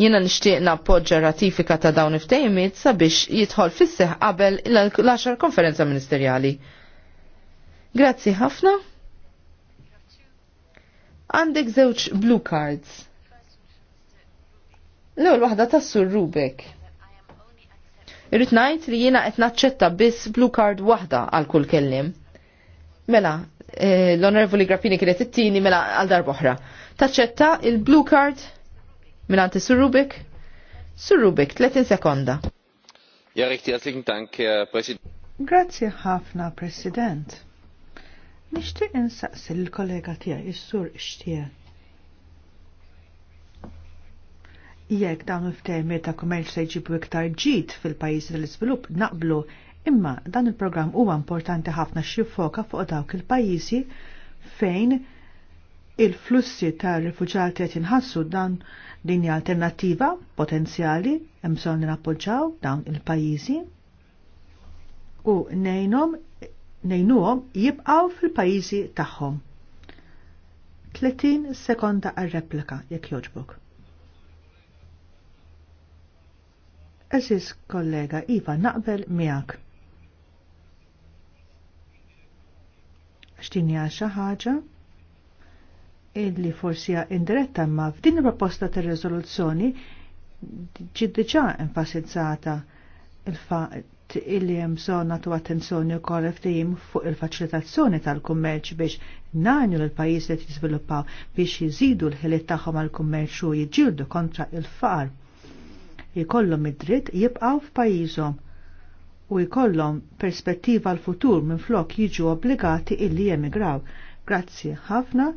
Jiena nixtieq nappoġġa ratifika ta' dawn iftejmit sabiex jidħol fis-seħ qabel l-10 konferenza ministerjali. Grazzi ħafna. Għandek żewġ blue cards. L-ewwel waħda tas-sur Rubek. Irrid ngħid li jiena qed naċċetta biss blue card waħda għal kull kellim. Mela, eh, l-Onorevoli Grappini kienet it-tieni mela għal darboħra. Taċċetta il-blue card Milanti Surrubik? Surrubik, 30 sekonda. Ja, rikti, herzlichen Dank, eh, President. Grazie ħafna, President. Nishti insaqsi il kollega tiegħi is-sur xtieq. Jekk dawn il-ftehmi ta' kummerċ se jġibu iktar ġid fil-pajjiżi tal-iżvilupp naqblu, imma dan il-programm huwa importanti ħafna xifoka fuq dawk il-pajjiżi fejn il-flussi ta' rifuġati qed inħassu dan linja alternattiva potenzjali hemm bżonn nappoġġaw dawn il-pajjiżi u nejnom nejnuhom jibqgħu fil-pajjiżi tagħhom. 30 sekonda għal-replika jekk joġbok. Eżis kollega Iva naqbel miegħek. X'tinja għal xi ħaġa? illi forsi indiretta ma f'din il-proposta ta' rezoluzzjoni ġiddiġa enfasizzata il-fat illi hemm bżonn nagħtu attenzjoni wkoll ftehim fuq il-faċilitazzjoni tal-kummerċ biex nagħnu l pajjiż li jiżviluppaw biex jżidu l-ħiliet tagħhom għall kummerċ u jiġġieldu kontra il-faqar. Jkollhom id-dritt jibqgħu f'pajjiżhom u jkollhom perspettiva l-futur minn flok jiġu obbligati illi jemigraw. Grazzi ħafna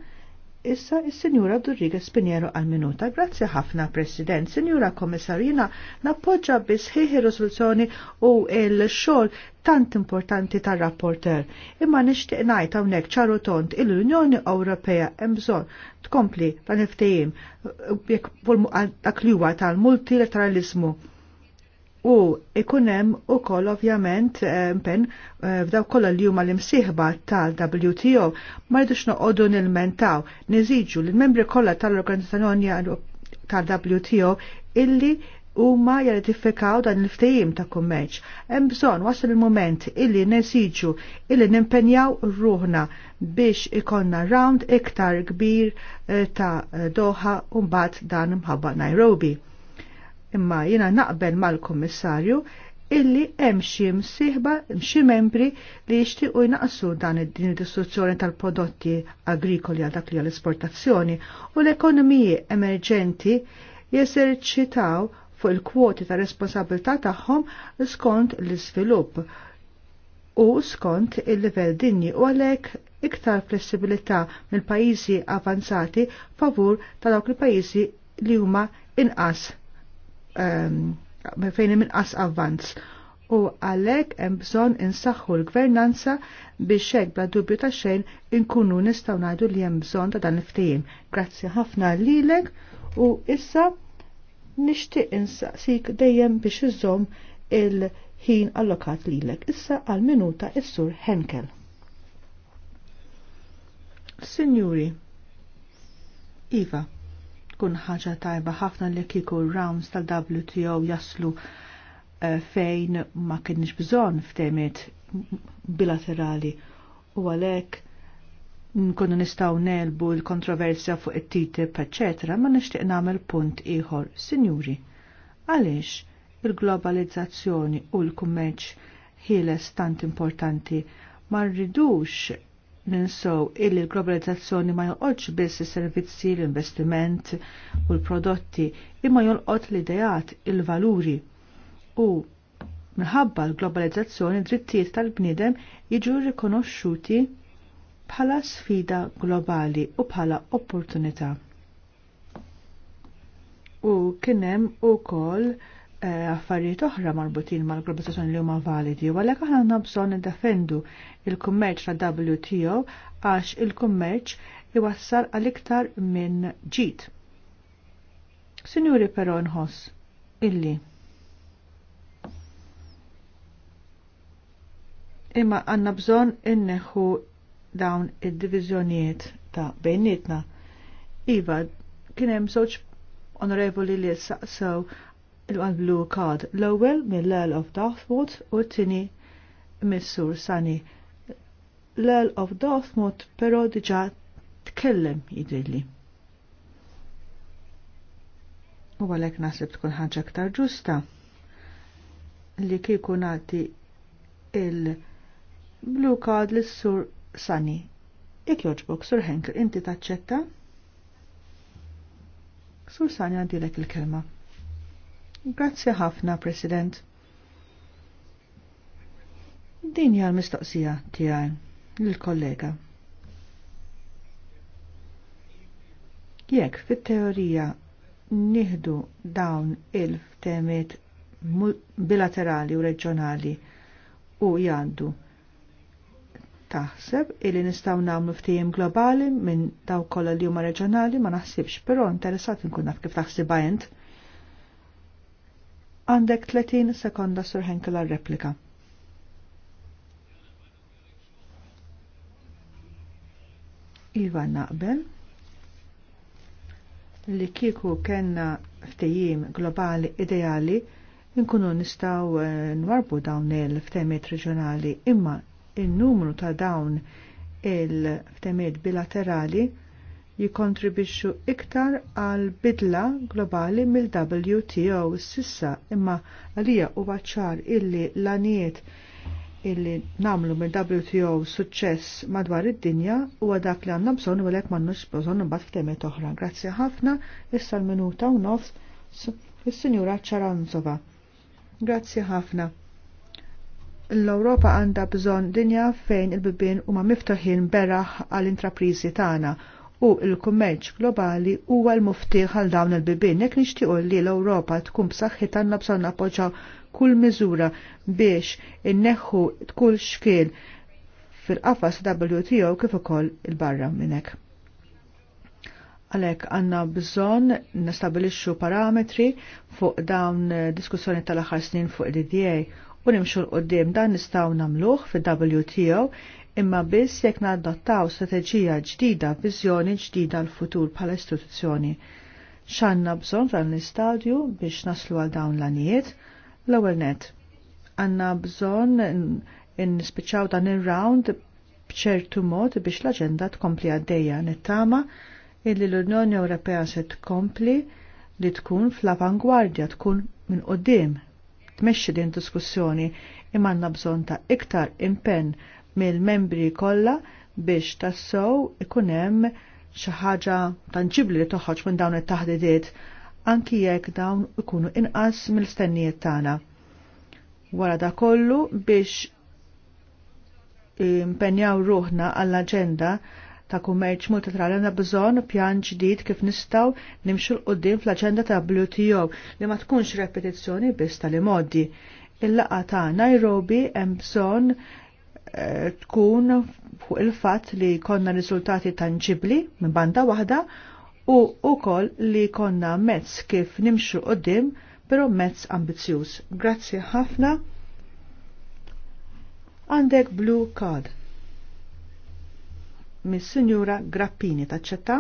Issa il-Sinjura Durriga Spiniero għal-minuta. Grazzi ħafna, President. Sinjura Komissarina, nappoġġa ħiħi risoluzzjoni u il-xol tant importanti tar rapporter Imma nixtieq ngħid hawnhekk ċaru tont il-Unjoni Ewropea hemm bżonn tkompli dan il-ftehim dak li huwa tal-multilateralizmu u ikunem u koll ovvjament eh, pen eh, f'daw koll li huma l-imsieħba tal-WTO ma rridux noqogħdu nilmentaw niżiġu l-membri kollha tal-organizzazzjoni tal-WTO illi huma jarratifikaw dan il-ftehim ta' kummerċ. Hemm bżonn wasal il-mument illi nesiġu illi nimpenjaw ruħna biex ikonna round iktar kbir eh, ta' Doha u mbagħad dan imħabba Nairobi. Imma jina naqbel mal-Kommissarju illi hemm xi msieħba xi membri li jixtiequ jnaqsu dan id din id-distruzzjoni tal-prodotti agrikoli għal dak li għall-esportazzjoni u l-ekonomiji emerġenti jeserċitaw fuq il-kwoti ta' responsabilità tagħhom skont l-iżvilupp u skont il-livell dinji u għalhekk iktar flessibilità mill-pajjiżi avanzati favur ta' dawk il-pajjiżi li huma inqas Ehm, fejn hemm inqas avvanz u għalek hemm bżonn insaħħu l-gvernanza biex hekk bla dubju ta' xejn inkunu nistgħu ngħidu li hemm bżonn ta' dan iftijim. Grazzi ħafna lilek u issa nixtieq insaqsik dejjem biex iżomm il-ħin allokat lilek. Issa għal minuta is-sur Henkel. Signori, Iva, Kun ħaġa tajba ħafna li kiku rounds tal-WTO jaslu eh, fejn ma kienx bżon f'temiet bilaterali u għalek nkunu nistaw nelbu l-kontroversja fuq it-TTIP, ecc. ma nixtieq nagħmel punt ieħor. Sinjuri, għaliex il-globalizzazzjoni u l-kummerċ ħieles tant importanti ma rridux ninsow illi l-globalizzazzjoni ma joqgħodx biss is-servizzi, l-investiment u l-prodotti, imma jolqot l-idejat, il-valuri. U minħabba l-globalizzazzjoni drittijiet tal-bniedem jiġu rikonoxxuti bħala sfida globali u bħala opportunità. U kienem u koll Eh, affarijiet oħra marbutin mal-globalizzazzjoni li huma validi u għalhekk aħna għandna bżonn niddefendu il-kummerċ ta' WTO għax il-kummerċ iwassal għal iktar minn ġid. Sinjuri però nħoss illi imma għanna bżonn inneħu dawn id-diviżjonijiet ta' bejnietna. Iva, kien hemm żewġ onorevoli li saqsew il-blue card l-ewwel mill l of Dartmouth u t tini mis-Sur Sani. l of Dartmouth però diġa' tkellem jidilli. U għalek nasib tkun ħagġa aktar ġusta li kieku nati il blu card l sur Sani. Ik joġbok, Sur Henkel, inti taċċetta? Sur Sani għandilek il-kelma. Grazzi ħafna, President. Din hija l-mistoqsija tiegħi lill-kollega. Jekk fit-teorija nieħdu dawn il-ftemiet bilaterali u reġjonali u jgħaddu taħseb illi nistaw namlu ftehim globali minn daw kollha li huma reġjonali ma naħsibx, però interessat inkun naf kif taħsibha int. Għandek 30 sekonda sur la replika. Iva naqbel li kieku kenna ftejim globali ideali nkunu nistaw eh, nwarbu dawn il-ftemiet reġjonali imma il-numru ta' dawn il-ftemiet bilaterali jikontribixxu iktar għal bidla globali mill-WTO sissa imma għalija huwa ċar illi l għaniet illi namlu mill-WTO suċċess madwar id-dinja u dak li għandna bżonn u mannux bżon bżonn imbagħad f'temet oħra. Grazzi ħafna issa l-minuta u nofs is-Sinjura Ċaranzova. Grazzi ħafna. L-Ewropa għandha bżonn dinja fejn il-bibien huma miftuħin beraħ għal intrapriżi tagħna u l-kummerċ globali huwa l-muftiħ għal dawn il-bibin. Nek nixtiequ li l-Ewropa tkun b'saħħit għandna bżonn appoġġaw kull miżura biex inneħħu kull xkien fil-qafas WTO kif ukoll il-barra minnek. Għalek għanna bżon nestabilixxu parametri fuq dawn diskussjoni tal-aħħar snin fuq id-DDA u nimxu l-qoddim dan nistaw namluħ fil-WTO imma biss jekk nadottaw strateġija ġdida, viżjoni ġdida l-futur bħala istituzzjoni. X'għandna bżonn dan l-istadju biex naslu għal dawn l-anijiet? L-ewwel net. bżon bżonn nispiċċaw dan ir-round b'ċertu mod biex l-aġenda tkompli għaddejja nittama illi l-Unjoni Ewropea se tkompli li tkun fl-avangwardja tkun minn qoddim. Tmexxi din diskussjoni imma għandna bżonn ta' iktar impenn mill-membri kollha biex tassow ikun hemm xi ħaġa tanċibli li toħroġ minn dawn it-taħdidiet anki jekk dawn ikunu inqas mill-stennijiet tagħna. Wara da kollu biex impenjaw ruħna għall-aġenda ta' kummerċ multilaterali għandna bżonn pjan ġdid kif nistgħu nimxu l-qudiem fl-aġenda ta' WTO li ma tkunx repetizzjoni biss tal-imoddi. Il-laqa ta' Nairobi hemm bżonn tkun fuq il-fatt li konna riżultati tanġibli minn banda waħda u ukoll li konna mezz kif nimxu qoddim pero mezz ambizjuż. Grazzi ħafna. Għandek blue card. Miss Signora Grappini taċċetta?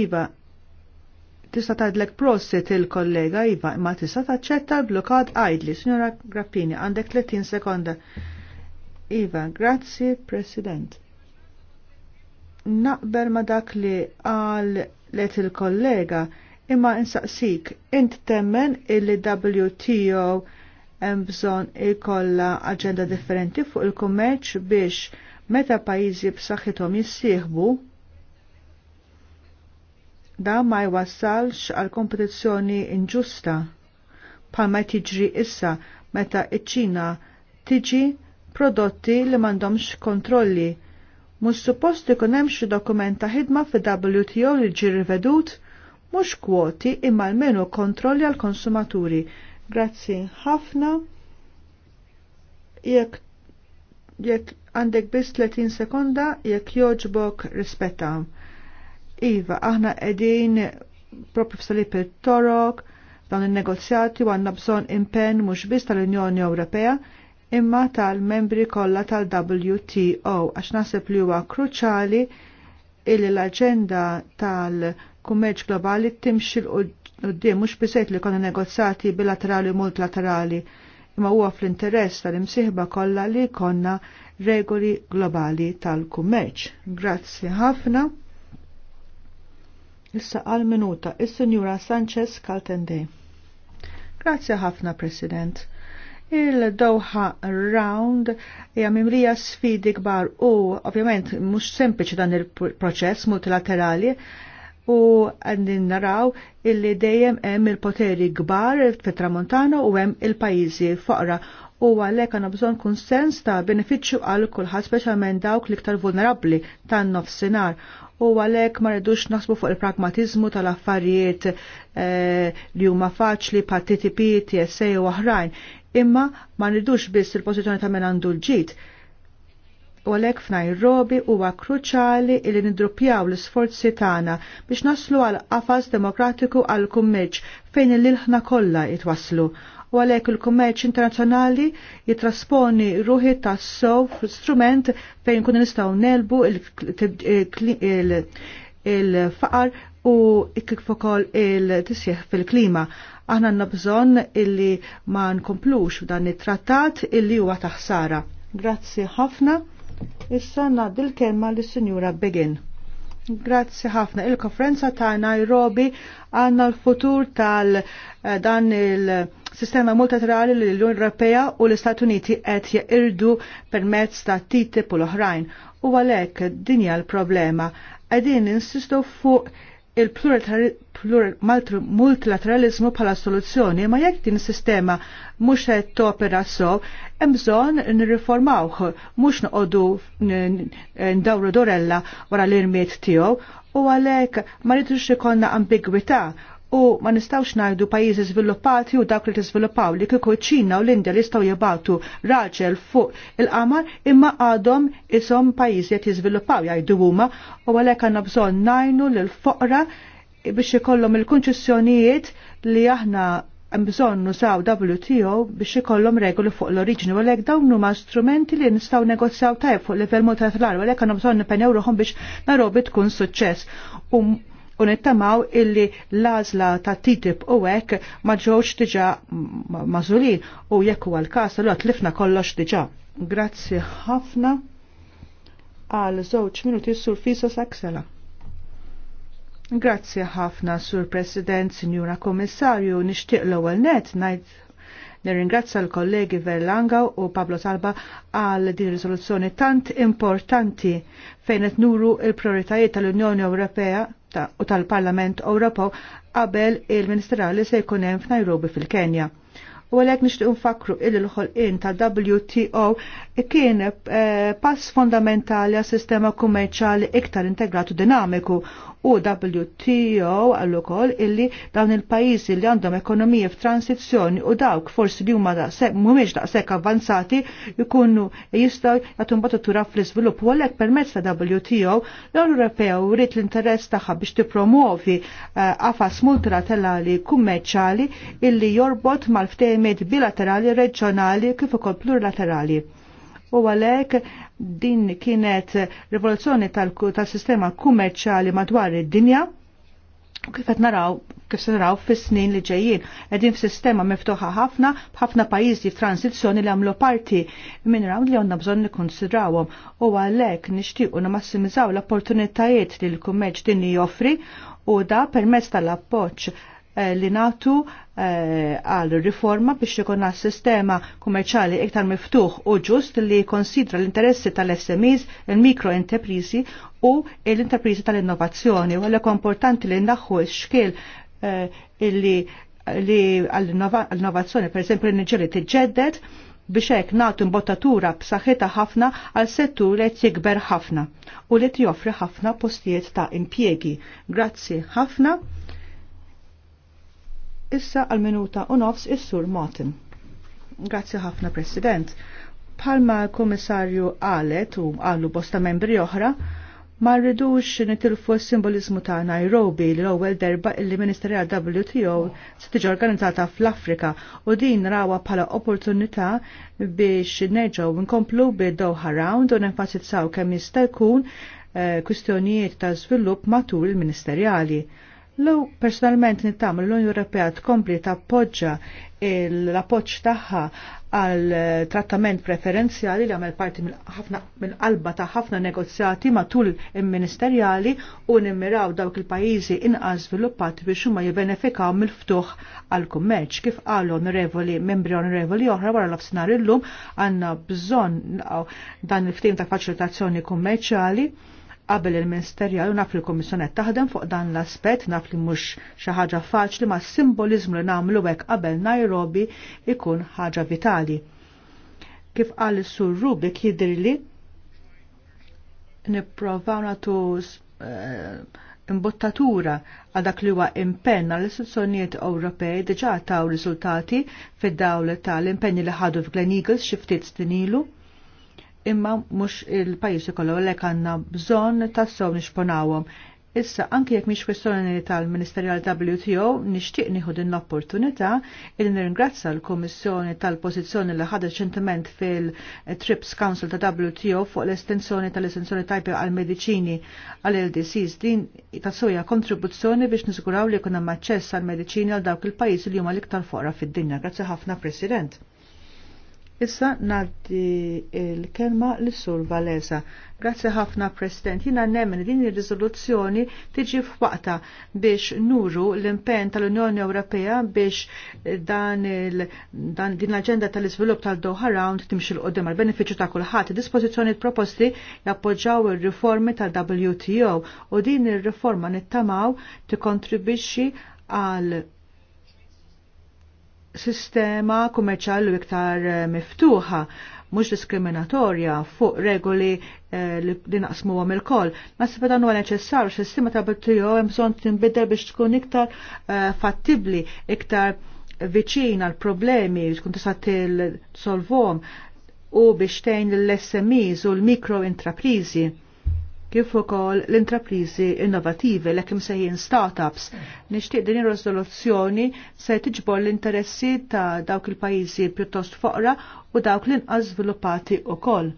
Iva, tista' tgħidlek prosit il-kollega iva imma tista' taċċetta l-blokad għajdli. Signora Grappini, għandek 30 sekonda. Iva, grazzi President. Naqbel ma dak li għal let il-kollega imma insaqsik, int temmen il-WTO hemm bżonn ikolla aġenda differenti fuq il-kummerċ biex meta pajjiżi b'saħħithom jissieħbu da ma jwassalx għal kompetizzjoni inġusta palma tiġri issa meta iċ-Ċina tiġi prodotti li mandomx kontrolli. Mux suppost ikun hemm xi dokumenta ħidma fi WTO li ġi rivedut mhux kwoti imma almenu kontrolli għal konsumaturi. Grazzi ħafna. Jekk jekk għandek biss 30 sekonda jekk joġbok rispetta. Iva, aħna edin propri f'salib il-torok, dawn il-negozjati u għanna bżon impen mux biss tal-Unjoni Ewropea imma tal-membri kollha tal-WTO għax naħseb li huwa kruċali illi l-aġenda tal-kummerċ globali timxi l-qoddim mhux biżejt li konna negozjati bilaterali u multilaterali imma huwa fl-interess tal-imsieħba kollha li konna regoli globali tal-kummerċ. Grazzi ħafna. Issa għal minuta is-Sinjura Sanchez Kaltende. Grazzi ħafna, President. Il-Doha Round hija mimrija sfidi kbar u ovvjament mhux sempliċi dan il-proċess multilaterali u għandin naraw illi dejjem hemm il-poteri kbar fit-Tramontana u hemm il-pajjiżi foqra u għalhekk għandna bżonn kunsens ta' benefiċċju għal kulħadd speċjalment dawk l-iktar vulnerabbli tan-nofsinhar u għalhekk ma rridux naħsbu fuq il-pragmatiżmu tal-affarijiet eh, li huma faċli pa' TTP, TSA u oħrajn, imma ma rridux biss il pozizjoni ta' minn għandu l-ġid u għalek f'Nairobi huwa kruċali li nidruppjaw l-sforzi tagħna biex naslu għal qafas demokratiku għal kummerċ fejn il lilħna kollha jitwaslu u għalek il-kummerċ internazzjonali jitrasponi ruħi tas-sow strument fejn nkunu nistgħu nelbu il-faqar u kif ukoll il-tisjeħ fil-klima. Aħna għandna bżonn illi ma nkomplux dan it-trattat illi huwa taħsara. Grazzi ħafna. Issa ngħaddi l-kelma lis-Sinjura Begin. Grazzi ħafna. Il-konferenza ta' Nairobi għanna l-futur tal eh, dan il- sistema multilaterali li l-Unjoni Ewropea u l-Istati Uniti qed jeqirdu permezz ta' TTIP u l-oħrajn. U għalhekk din hija l-problema. Qegħdin insistu fuq il-multilateralizmu bħala soluzzjoni, ma jekk din sistema mhux qed topera sew, hemm bżonn nirriformawh, mhux noqogħdu ndawru dorella wara l-irmiet tiegħu u għalhekk ma rridux ikollna ambigwità u ma nistawx najdu pajizi sviluppati u dak li t-sviluppaw li kiku ċina u l-Indja li jistgħu jibatu raġel fuq il-qamar imma għadhom isom pajizi jt jiżviluppaw jgħidu huma u għalhekk għandna bżonn najnu l-foqra biex ikollhom il-konċessjonijiet li aħna bżonn nużaw WTO biex ikollhom regoli fuq l-oriġini u għalhekk dawn huma strumenti li nistgħu negozjaw tajb fuq livell multilaterali u għalhekk għandna bżonn nipenjaw ruħhom biex narobi tkun suċċess u nittamaw illi l-għażla ta' titib u hekk ma ġewx diġà mażulin u jekk huwa l-każ allura tlifna kollox diġà. Grazzi ħafna għal żewġ minuti sur fisa saksela. Grazzi ħafna sur President, Sinjura Komissarju, nixtieq l-ewwel net ngħid nirringrazzja l-kollegi Verlanga u Pablo Salba għal din riżoluzzjoni tant importanti fejn qed nuru l-prioritajiet tal-Unjoni Ewropea ta u tal-Parlament Ewropew qabel il-Ministerali se jkun hemm f'Nairobi fil-Kenja. U għalhekk nixtieq nfakru il ħolqien tal-WTO kien eh, pass fondamentali għas sistema kummerċjali iktar integratu dinamiku u WTO għall ukoll illi dawn il-pajjiżi li għandhom ekonomija f'transizzjoni u dawk forsi li huma mhumiex daqshekk avvanzati jkunu jistgħu jagħtu tura fl-iżvilupp u għalhekk permezz ta' WTO l-Unjoni Ewropea l-interess tagħha biex tippromuovi eh, qafas multilaterali kummerċjali illi jorbot mal-ftehimiet bilaterali reġjonali kif ukoll plurilaterali u għalek din kienet rivoluzzjoni tal-sistema tal kummerċali madwar id-dinja u kif qed naraw kif se naraw fis-snin li ġejjin. Qegħdin f'sistema miftuħa ħafna b'ħafna pajjiżi f'transizzjoni li għamlu parti minn rawn li għandna bżonn nikkonsidrawhom u għalhekk nixtiequ nimassimizzaw l-opportunitajiet li l-kummerċ din joffri u da permezz tal-appoġġ Eh, li natu eh, għal riforma biex s sistema kummerċali iktar miftuħ u ġust li konsidra l-interessi tal-SMEs, il mikro enterprisi u l-interprisi tal-innovazzjoni. U għallek importanti li naħħu xkil eh, illi li għall-innovazzjoni, per esempio, l-nġeri t-ġeddet biex hekk nagħtu mbottatura b'saħħitha ħafna għal settur li qed jikber ħafna u li joffri ħafna postijiet ta' impjiegi. Grazzi ħafna. Issa għal minuta u nofs is-Sur Martin. Grazzi ħafna President. Palma l-Komissarju għalet u għallu bosta membri oħra, ma rridux nitilfu s-simbolizmu ta' Nairobi l-ewwel derba illi ministerja WTO se tiġi organizzata fl-Afrika u din rawa bħala opportunità biex nerġgħu nkomplu bid-Doha Round u nenfasizzaw kemm jista' jkun eh, kwistjonijiet ta' żvilupp matul il-ministerjali. Low personalment nittam l-Unjoni Ewropea tkompli tappoġġa l-appoġġ tagħha għal trattament preferenzjali li għamel parti minn qalba ta' ħafna negozjati matul il-ministerjali u nimmiraw dawk il-pajjiżi inqas sviluppati biex huma jibbenefikaw mill-ftuħ għal kummerċ kif qal onorevoli membri onorevoli oħra wara l-afsinar illum għandna bżonn dan il-ftim ta' faċilitazzjoni kummerċjali qabel il-ministerjal u naf li l-Komissjonet taħdem fuq dan l aspet naf li mhux xi ħaġa faċli ma' simbolizmu li nagħmlu hekk qabel Nairobi ikun ħaġa vitali. Kif qal sur Rubik jidhirli nipprovaw nagħtu eh, imbottatura għal dak li huwa impenn għall istituzzjonijiet Ewropej diġà taw riżultati fid-dawl tal-impenni li ħadu f'Glen Eagles xi ftit ilu imma mhux il pajis ikollu lek għandna bżonn tassaw nixponawhom. Issa anke jekk mhix kwestjoni tal-Ministerjal WTO nixtieq nieħu din l-opportunità il nirringrazza l-Kummissjoni tal pozizjoni li ħadet ċentiment fil-Trips Council ta' WTO fuq l-estensjoni tal-estensjoni tajbi għal-mediċini għal-LDCs din ta' soja kontribuzzjoni biex niżguraw li jkun hemm aċċess għal-mediċini għal dawk il-pajjiżi li huma l-iktar foqra fid-dinja. Grazzi ħafna President. Issa naddi il-kelma l-Sur Valesa. Grazie ħafna, President. Jina nemmen din il-rizoluzzjoni tiġi f'waqta biex nuru l-impen tal-Unjoni Ewropea biex dan, dan din l-agenda tal izvilup tal-Doha Round timxi l-qoddim għal-beneficju ta' kulħadd. Dispożizzjoni proposti jappoġġaw ir-riformi tal-WTO u din ir-riforma nittamaw tikkontribwixxi għal sistema kummerċjali iktar eh, miftuħa mhux diskriminatorja fuq regoli eh, li dinaqsmu għam il-koll. Ma dan huwa neċessarju sistema ta' BTO hemm bżonn tinbidel biex tkun iktar eh, fattibbli, iktar viċin għal problemi tkun tista' solvom u biex tgħin l-SMEs u l-mikro intraprizi kif ukoll l-intraprizi innovativi l sejjin startups. Nixtieq din ir-riżoluzzjoni se tiġbor l-interessi ta' dawk il-pajjiżi pjuttost foqra u dawk l-inqas żviluppati ukoll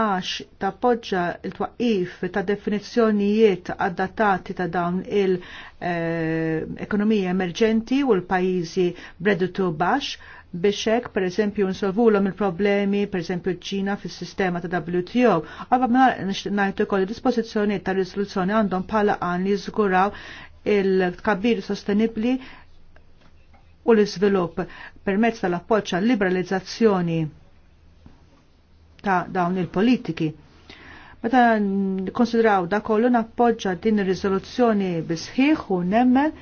għax tappoġġa il-twaqif ta' definizzjonijiet adattati ta' dawn il-ekonomija eh, emerġenti u l-pajjiżi breditu baxx biex hekk pereżempju nsolvulhom il-problemi pereżempju ċ-Ċina fis-sistema ta' WTO. Għabba ngħid ukoll id-dispożizzjonijiet tal-riżoluzzjoni għandhom bħala għan li żguraw il-tkabbir sostenibbli u l-iżvilupp permezz tal-appoġġ liberalizzazzjoni ta' dawn il-politiki. Meta konsidraw da kollu nappoġġa din ir-riżoluzzjoni bisħiħ u nemmen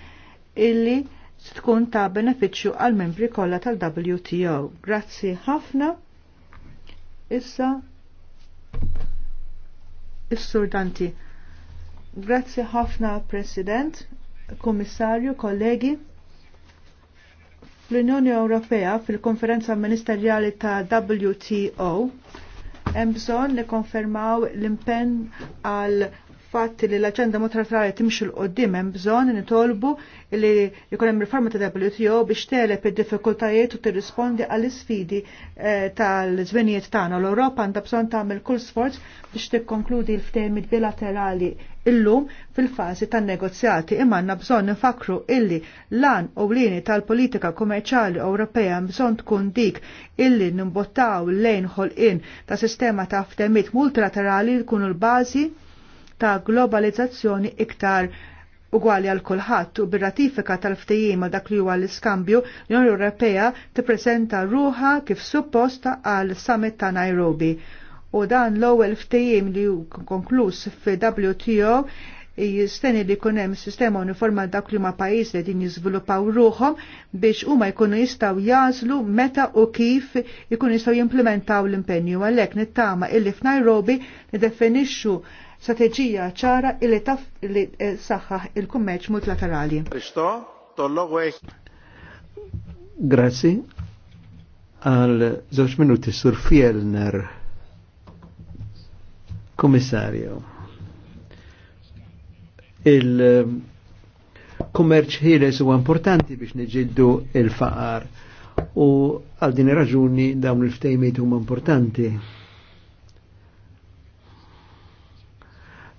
illi se tkun ta' beneficju għal membri kollha tal-WTO. Grazzi ħafna. Issa is-Sur Danti. Grazzi ħafna President, Kommissarju, kollegi. L-Unjoni Ewropea fil-Konferenza Ministerjali ta' WTO hemm bżonn nikkonfermaw l-impenn għal fatt li l-agenda motratrali timxu l-qoddim hemm bżonn nitolbu li jkun hemm riforma ta' WTO biex telep id-diffikultajiet u tirrispondi għall isfidi eh, tal-żvenijiet tagħna. L-Ewropa għandha bżonn tagħmel kull sforz biex tikkonkludi l-ftehmiet bilaterali illum fil-fażi tan-negozjati imma għandna bżonn nifakru illi lan lini tal-politika kummerċjali Ewropea bżonn tkun dik illi nimbottaw lejn ħolqien ta' sistema ta' ftehmiet multilaterali jkunu l-bażi ta' globalizzazzjoni iktar ugwali għal kulħadd u bir-ratifika tal-ftehim dak li huwa l-iskambju l-Unjoni Ewropea tippreżenta ruha kif supposta għal summit ta' Nairobi. U dan l-ewwel ftehim li konkluż fil-WTO jisteni li kunem sistema uniforma dak li ma pajis li din jizvilupaw ruħom biex huma jkunu jistaw jazlu meta u kif jkunu jistaw jimplementaw l-impenju għalhekk nittama illi f'Nairobi nidefinixxu strateġija ċara illi taf li eh, saħħaħ il-kummerċ multilaterali. E- Grazzi għal zoċ minuti sur Fjellner, komissarju. Il-kummerċ eh, ħieles huwa importanti biex niġiddu il-faqar u għal din raġuni dawn il-ftejmiet huma importanti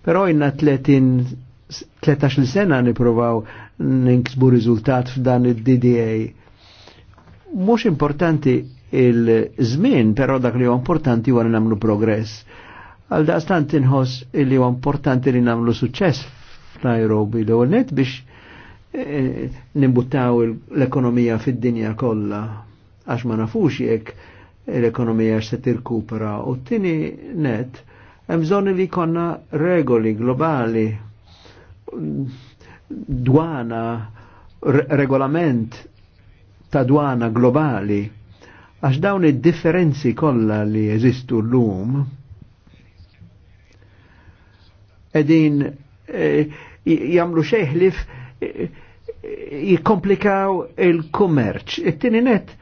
Però jina 13 sena niprovaw ninksbu riżultat f'dan il-DDA. Mux importanti il-żmien, però dak li huwa importanti huwa li nagħmlu progress. Għal daqstant inħoss li huwa importanti li nagħmlu suċċess f'Nairobi l ewwel net biex eh, nimbuttaw l-ekonomija fid-dinja kollha għax ma nafux jekk l-ekonomija se tirkupra u t-tini net Bżon li konna regoli globali, dwana, regolament ta' dwana globali, għax dawn id-differenzi kollha li jeżistu l-lum, edin jamlu xeħlif jikomplikaw il-kummerċ. It-tini net,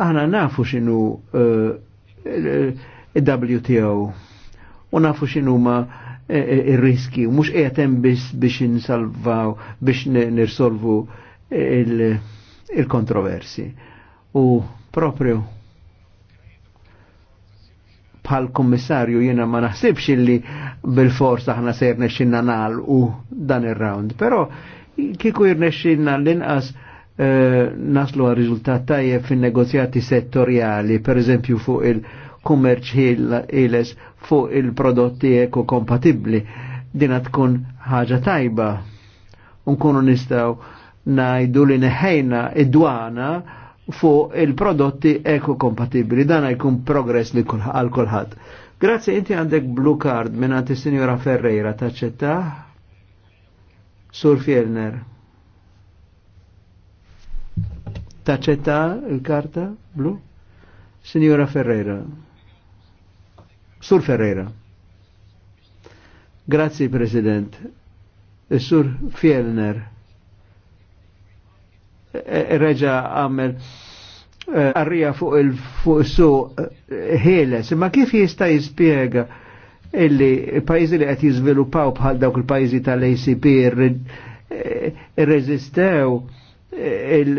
aħna nafu xinu il-WTO u nafu x'inhuma e, e, ir-riski u mhux qiegħed hemm biex insalvaw biex nirsolvu e, il-kontroversi. U proprio bħal kommissarju jiena ma naħsibx illi bil-forsa aħna ser nexxinna nal u dan ir-round. Però kieku jirnexxinna l-inqas naslu għal riżultat tajjeb fin-negozjati settorjali, per eżempju fuq il- kummerċ ħiles fuq il-prodotti eko kompatibli. Dina tkun ħaġa tajba. Unkunu nistaw najdu li neħejna id-dwana fuq il-prodotti eko kompatibli. Dana jkun progress li għal kulħadd. Grazie inti għandek blue card minn għanti Signora Ferreira, taċċetta? Sur Fjellner. Taċċetta il-karta blu? Signora Ferreira. Sur Ferreira. Grazie, President. E Sur Fjellner. E, e Reġa għamel arrija fuq il fuqsu ħeles, ma kif jista jispiega illi pajizi li qed jiżviluppaw bħal dawk il-pajizi tal-ACP il, il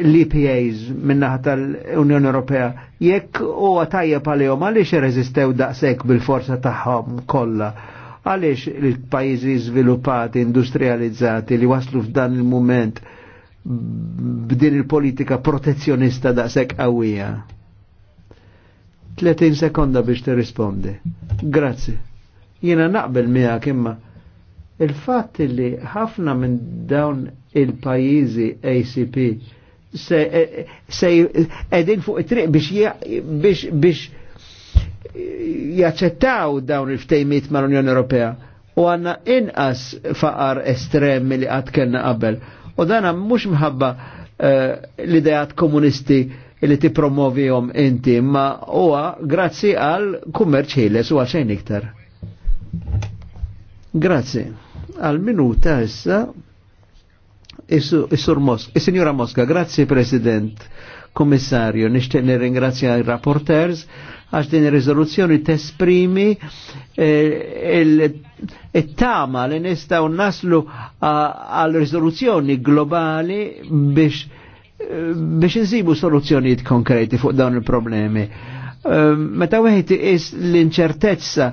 l-EPAs minnaħa tal-Unjoni Ewropea, jekk huwa pal-jom, għaliex irreżistew daqshekk bil-forza tagħhom kollha. Għaliex il-pajjiżi żviluppati, industrializzati li waslu f'dan il-mument b'din il-politika protezzjonista daqshekk qawwija. 30 sekonda biex tirrispondi. Grazzi. Jiena naqbel miegħek imma il-fatt li ħafna minn dawn il-pajizi ACP E, se edin fuq it-triq biex jaċċettaw dawn il-ftejmiet mal-Unjoni Ewropea u għanna inqas faqar estrem li għad kellna qabel. U dana mhux mħabba e, l-idejat komunisti li ti jom inti, ma huwa grazzi għal kummerċ ħiles u xejn iktar. Grazzi. Għal minuta issa Is-Sur Mos. Eh, Mosca, grazie President, Commissario. nishtiq nirringrazzja i rapporters għax din ir-riżoluzzjoni tesprimi eh, il-tama li un naslu għal riżoluzzjoni globali biex eh, biex nsibu soluzzjonijiet konkreti fuq dawn il-problemi. Meta wieħed is l-inċertezza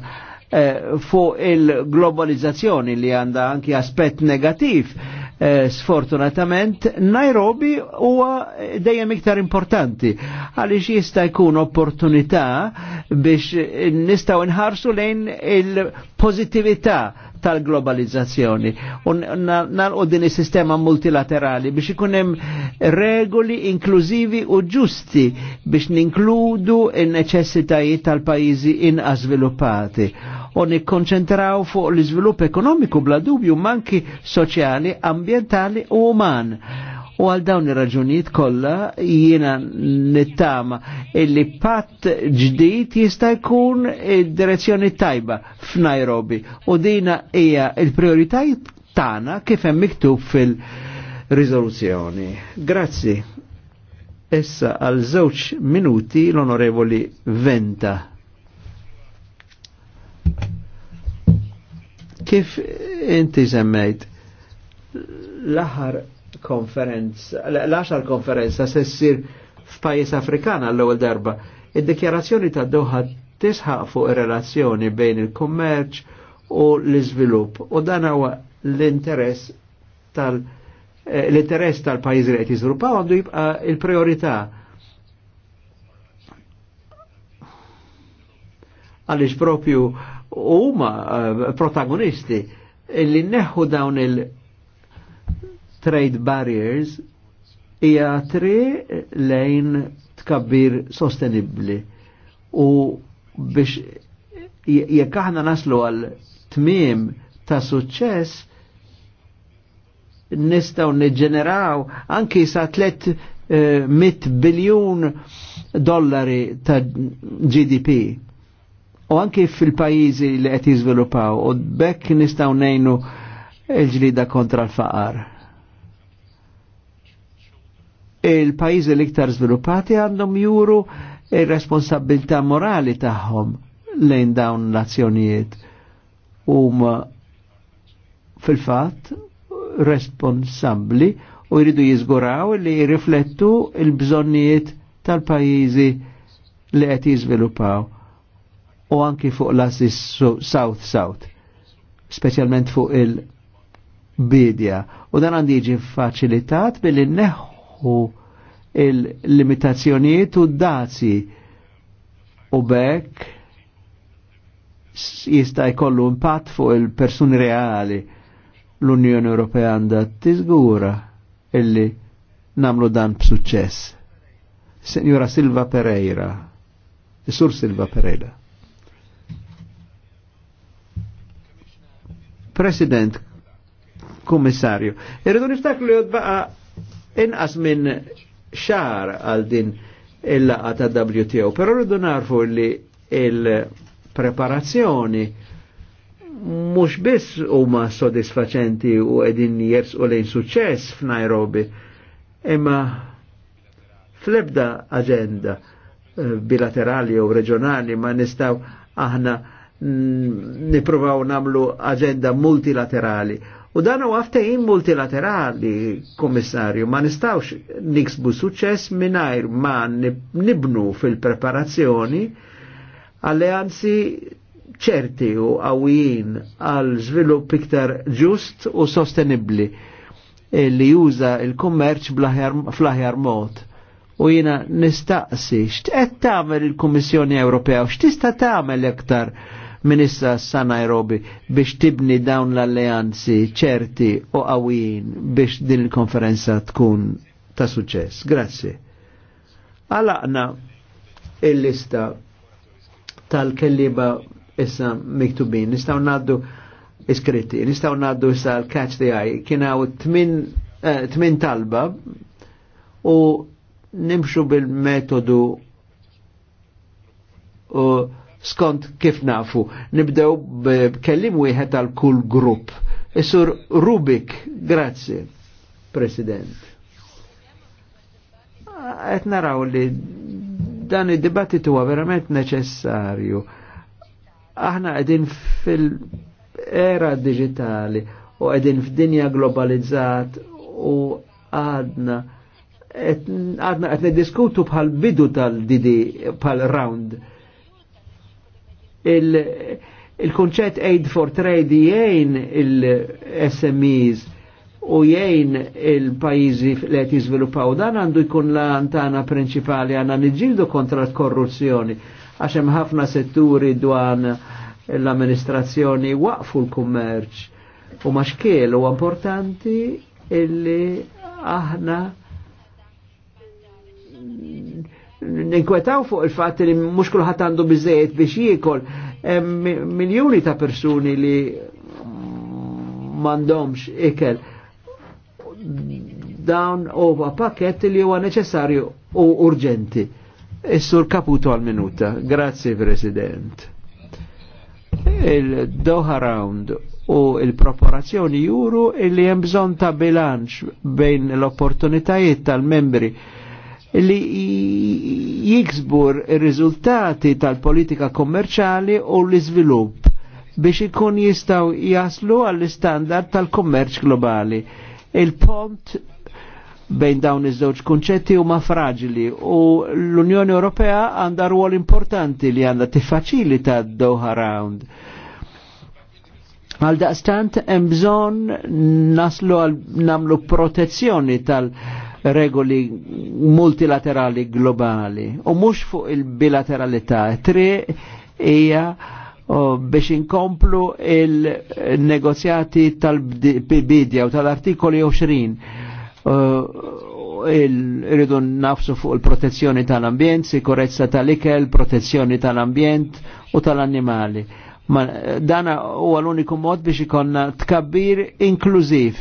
fuq il-globalizzazzjoni li għandha anki aspett negativ, Eh, sfortunatament Nairobi huwa dejjem iktar importanti għaliex jista' jkun opportunità biex nistgħu nħarsu lejn il-pożittività tal-globalizzazzjoni u nalqu din is-sistema multilaterali biex ikun hemm regoli inklużivi u ġusti biex ninkludu il neċessitajiet tal-pajjiżi in sviluppati u nikkonċentraw fuq l-iżvilupp ekonomiku bla dubju manki soċjali, ambientali u uman. U għal dawn ir-raġunijiet kollha jiena nittama illi patt ġdid jista' jkun id-direzzjoni tajba f'Nairobi u dina hija il-prioritajiet tagħna kif hemm miktub fil-riżoluzzjoni. Grazzi. Essa għal żewġ minuti l-onorevoli Venta. Kif inti semmejt l aħħar konferenza, l aħħar konferenza se ssir f'pajjiż Afrikan għall-ewwel darba. Id-dikjarazzjoni ta' Doha tisħaq fuq ir-relazzjoni bejn il-kummerċ u l-iżvilupp u dan huwa l-interess tal- Eh, l-interess tal-pajjiż li qed jiżviluppaw għandu jibqa' il-priorità. Għaliex propju huma eh, protagonisti li neħu dawn il-trade barriers hija tri lejn tkabbir sostenibbli u biex jekk aħna naslu għal tmiem ta' suċċess nistaw niġġeneraw anki sa 300 eh, biljun dollari ta' GDP. U anki fil-pajizi li qed jiżviluppaw u bekk nistgħu ngħinu l-ġlida kontra l-faqar. Il-pajizi li iktar żviluppati għandhom juru il responsabilità morali tagħhom lejn dawn l-azzjonijiet. Um fil-fatt responsabbli u jridu jizguraw li jirriflettu il-bżonnijiet tal-pajjiżi li qed jiżviluppaw u anki fuq l-assis South-South, specialment fuq il-bidja. U dan għandi jiġi faċilitat billi neħu il-limitazzjonijiet u dazi u bekk jista' jkollu impatt fuq il-persuni reali l-Unjoni Ewropea għandha tiżgura illi namlu dan b'suċċess. Senjora Silva Pereira, Sur Silva Pereira. President, Kummissarju, irridu niftak li baqa inqas minn xar għal din il-laqa ta' WTO, però rridu narfu li il-preparazzjoni il preparazzjoni mhux biss huma sodisfaċenti u jers u lejn suċċess f'Nairobi, imma flebda agenda eh, bilaterali u reġjonali ma nistaw aħna nipruvaw namlu agenda multilaterali. U dan u għaftajin multilaterali, komissarju, ma nistawx niksbu suċess minnajr ma nibnu fil-preparazzjoni alleanzi ċerti u għawijin għal żvilupp iktar ġust u sostenibbli li juża il-kummerċ fl-aħjar mod. U jina nistaqsi, x'qed tagħmel il-Kummissjoni Ewropea u x'tista' tagħmel iktar minn issa sa Nairobi biex tibni dawn l-alleanzi ċerti u qawwijin biex din il-konferenza tkun ta' suċċess. Grazzi. Għalaqna il-lista tal-kelliba issa miktubin. Nistaw naddu iskritti, nistaw naddu issa l-catch the eye. Kienaw u eh, tmin talba u nimxu bil-metodu u skont kif nafu. Nibdew b'kellim jħet għal kull grupp. Isur Rubik, grazzi, President. Ah, qed naraw li dan id-dibattitu huwa verament neċessarju Aħna għedin fil-era digitali u għedin f'dinja globalizzat u għadna għadna għed diskutu bħal bidu tal-didi bħal round. Il-konċett il aid for trade jgħin il-SMEs u jgħin il-pajizi li qed jizvilupaw dan għandu jkun l-antana prinċipali għandna niġġieldu kontra l-korruzzjoni għax hemm ħafna setturi dwan l-amministrazzjoni waqfu l-kummerċ u ma xkiel u importanti illi aħna ninkwetaw fuq il-fat li mux ħatandu għandu bizzejt biex jikol miljoni ta' persuni li mandomx ikel dawn u pakket li huwa neċessarju u urġenti. Is-sur Caputo għal minuta. Grazzi, President. Il-Doha Round u il-proporazzjoni juru illi hemm bżonn ta' bilanċ bejn l-opportunitajiet tal-membri li jiksbur r-riżultati tal-politika kommerċali u l-iżvilupp biex ikun jistaw jaslu għall-istandard tal-kommerċ globali. Il-pont bejn dawn iż-żewġ kunċetti huma fraġili u l-Unjoni Ewropea għandha rwol importanti li għandha tiffaċilita d-Doha Round. Għal daqstant hemm bżonn naslu għal namlu protezzjoni tal- regoli multilaterali globali u mhux fuq il-bilateralità. Tri hija biex inkomplu il-negozjati tal-bidja u tal-artikoli 20 Eh, irridu nafsu fuq il-protezzjoni tal-ambjent, sikurezza tal-ikel, protezzjoni tal-ambjent u tal animali Ma dana huwa l-uniku mod biex ikonna tkabbir inklużiv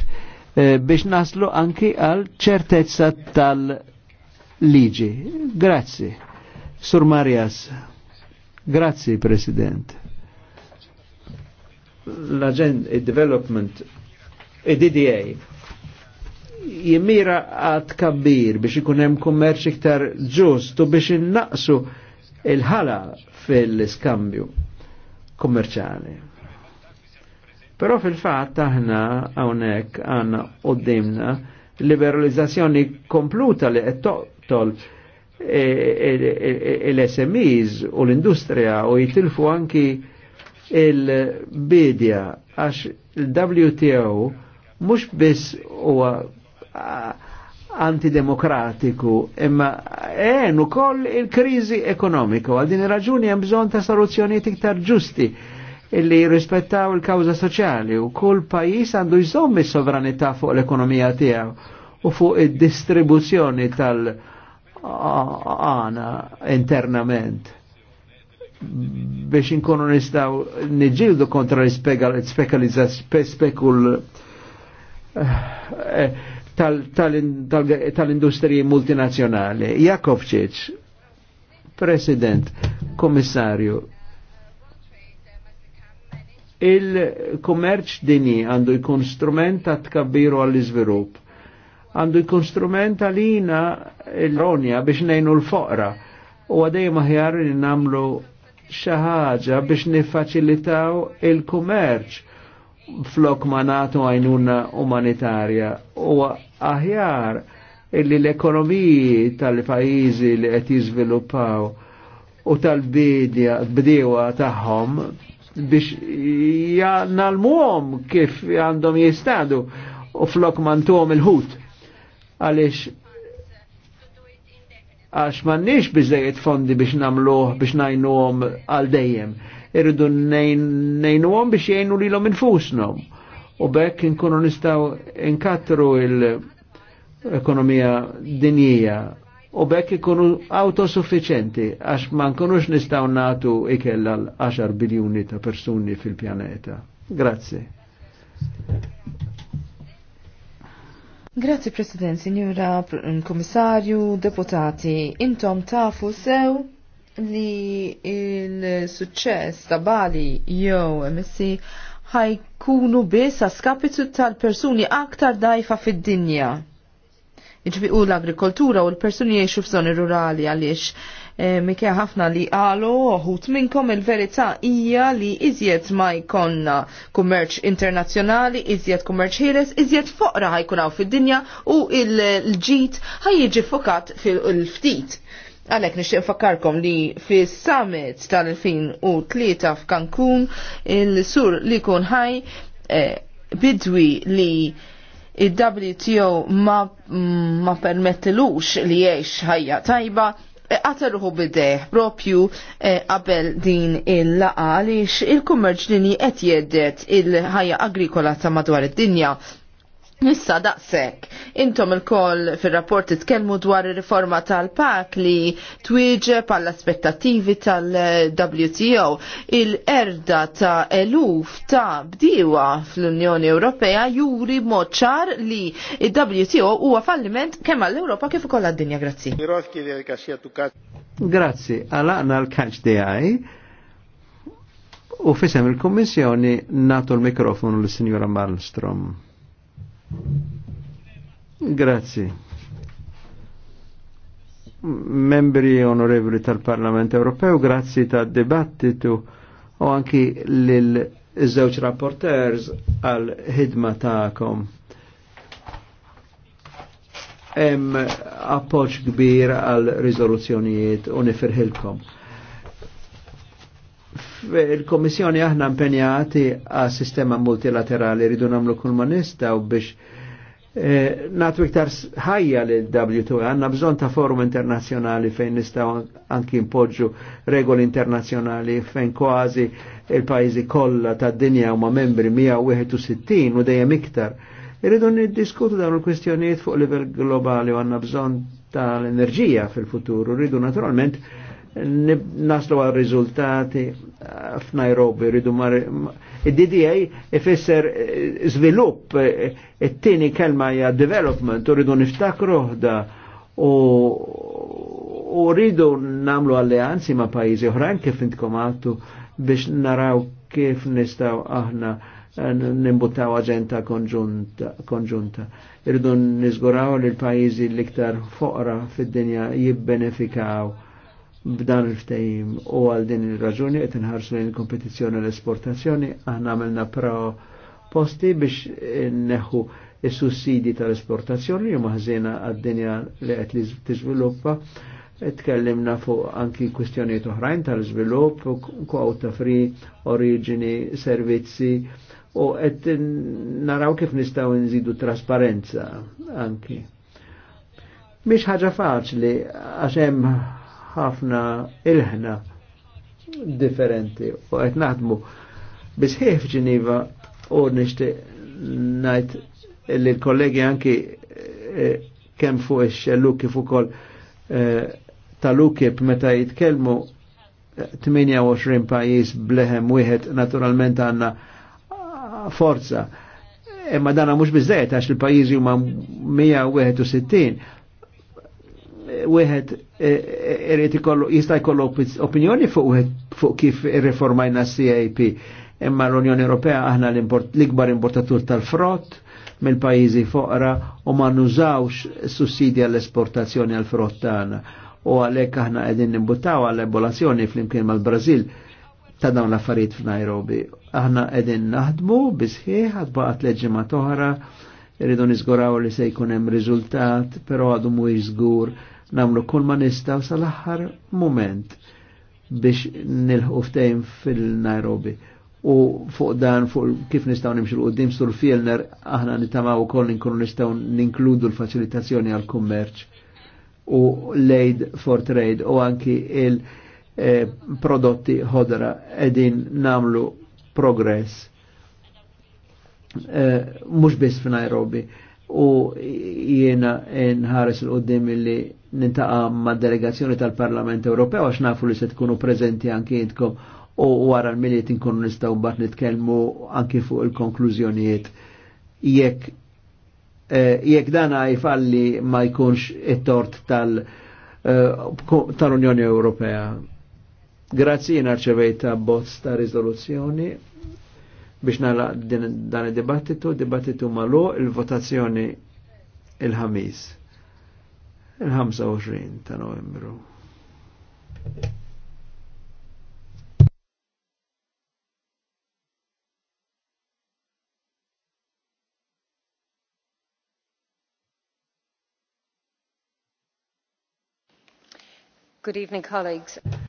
eh, biex naslu anki għal ċertezza tal-liġi. Grazzi. Sur Marias. Grazzi, President. L-Agenda, il-Development, il-DDA, jimira għad kabbir biex ikun hemm kummerċ iktar ġustu u biex innaqsu il-ħala fil-skambju kummerċali. Però fil-fatt aħna hawnhekk għandna qudiemna liberalizzazzjoni kompluta li qed toqtol e, e, e, l-SMEs u l-industrija u jitilfu anki il-bidja għax il-WTO mux biss huwa antidemokratiku, imma enu koll il-krizi ekonomiku, għal din raġuni hemm bżonn ta' soluzzjonijiet iktar ġusti illi rispettaw il-kawza soċjali u kull pajis għandu jżomm is-sovranità fuq l-ekonomija tiegħu u fuq id-distribuzzjoni tal-għana internament biex inkunu nistaw niġildu kontra l-spekul tal-industriji tal, Jakovčić, President, Komissarju, il-kommerċ dini għandu jkun strument ta' tkabbiru għall-izvirup. Għandu jkun strument għalina l-ronja biex nejnu l-foqra u għadej maħjar li namlu xaħġa biex nifacilitaw il-kommerċ flok ma natu għajnuna umanitarja u aħjar illi l-ekonomiji tal-pajizi li qed jiżviluppaw u tal-bidja bdiewa tagħhom biex nalmuhom kif għandhom jistadu u flok mantuhom il-ħut għaliex għax m'għandniex bizzejiet fondi biex namluħ biex najnuhom għal dejjem irridu nejnu għom biex jajnu li l-om infusnom. U bekk nkunu nistaw inkatru l-ekonomija dinjija u bekk ikunu autosuffiċenti għax ma nkunux nistaw natu ikella għal 10 biljuni ta' persuni fil-pjaneta. Grazie. Grazie President, Signora Komissarju, Deputati, intom tafu sew li il-suċċess ta' Bali jew emessi ħajkunu biss skapitu tal-persuni aktar dajfa fid-dinja. Iġbi u l-agrikoltura u l-persuni jiexu f'żoni rurali għaliex E, mikja ħafna li għalu uħut minnkom il-verità hija li iżjed ma jkonna kummerċ internazzjonali, iżjed kummerċ ħires, iżjed foqra ħajkunaw fid-dinja u il-ġit ħajjiġi fokat fil-ftit. Għalek nixtieq fakkarkom li fi summit tal-2003 f'Cancun il-sur li kun ħaj eh, bidwi li il-WTO ma, ma permettilux li jiex ħajja tajba eh, għateruħu bideħ propju eh, qabel din il-laqa għaliex il-kummerġ dini qed jeddet il-ħajja agrikola ta' madwar id-dinja Nissa daqsek, intom il-koll fil-rapport titkellmu dwar il-riforma tal-PAK li twieġe pal aspettativi tal-WTO il-erda ta' eluf ta' bdiwa fl-Unjoni Ewropea juri moċar li il-WTO huwa falliment kemm għall-Ewropa kif ukoll għad-dinja grazzi. Grazzi, għalaqna l-kanċ DI u fisem il-Kommissjoni natu l-mikrofonu l-Sinjora Malmstrom. Grazie. Membri onorevoli tal Parlamento europeo, grazie tad dibattitu o anche l-żewġ Rapporteurs al ħidma ta'kom. Hemm appoġġ kbir għal riżoluzzjonijiet u nifirħilkom. Il-Komissjoni aħna impenjati għal sistema multilaterali ridu namlu kull ma nistaw biex E, natu iktar ħajja l-W2, għanna bżon ta' forum internazjonali fejn nistaw anki impoġġu regoli internazjonali fejn kważi il-pajzi kollha ta' dinja huma membri 161 u dejjem iktar. Irridu niddiskutu dawn il-kwistjonijiet fuq livell globali u għanna bżon tal-enerġija fil-futur, rridu naturalment naslu għal riżultati eh, f'Nairobi, rridu Id-DDA ifisser eh, svilupp eh, it-tieni kelma hija development, u rridu niftakru da u rridu namlu alleanzi ma' pajjiżi oħrajn kif intkom għaltu biex naraw kif nistaw aħna eh, nimbutaw aġenta konġunta. Irridu nizguraw li l-pajizi l-iktar foqra fid-dinja jibbenefikaw b'dan il ftajim u għal din il-raġuni qed nħarsu l kompetizjoni l-esportazzjoni aħna għamilna posti biex neħu il sussidi tal-esportazzjoni u maħżina għad-dinja li qed tiżviluppa. Tkellimna fuq anki kwistjonijiet oħrajn tal izvilupp u kwota fri, oriġini, servizzi u għet naraw kif nistgħu nżidu trasparenza anki. Mish ħaġa faċli għaxem ħafna ilħna differenti u għet naħdmu bisħieħ f'Ġiniva u nishti najt li l-kollegi anki eh, kem fu ix-xellu kif ukoll tal-ukib meta jitkellmu 28 eh, pajis bleħem wieħed naturalment għanna forza. Imma dana mhux biżejjed għax il-pajjiżi huma 161 wieħed eh, eh, irid jista' jkollu opinjoni fuq fuq kif irreformajna CAP. Imma l-Unjoni Ewropea aħna l-ikbar importatur tal-frott mill-pajjiżi foqra u ma nużawx sussidja l esportazzjoni għall-frott tagħna. U għalhekk aħna qegħdin nimbuttaw għal ebolazzjoni flimkien mal-Brażil ta' dawn l-affarijiet f'Nairobi. Aħna qegħdin naħdmu bisħieħ għad baqgħet ma toħra irridu nizguraw li se jkun hemm riżultat, però għadu mhuwiex żgur namlu kull ma nistaw sal-aħħar moment biex nilħu ftejn fil-Nairobi. U fuq dan, fuq kif nistaw nimxu l-qoddim sur Fielner, aħna nitamaw koll ninkun nistaw ninkludu l-facilitazzjoni għal-kummerċ u l-aid for trade u anki il-prodotti eh, ħodra edin namlu progress. Eh, mux bis f'Nairobi u jiena nħares l-qoddim illi nintaqa ma' delegazzjoni tal-Parlament Ewropew għax nafu li se tkunu prezenti anki jitkom u wara l-miliet nkunu nistaw bat nitkelmu anki fuq il-konklużjonijiet. Jekk eh, jekk dan jfalli ma jkunx it-tort tal- eh, tal-Unjoni Ewropea. Grazzi jina arċevejta bozz ta' rizoluzzjoni biex nala dan id-dibattitu, dibattitu malu il-votazzjoni il-ħamis il-25 ta' novembru. Good evening, colleagues.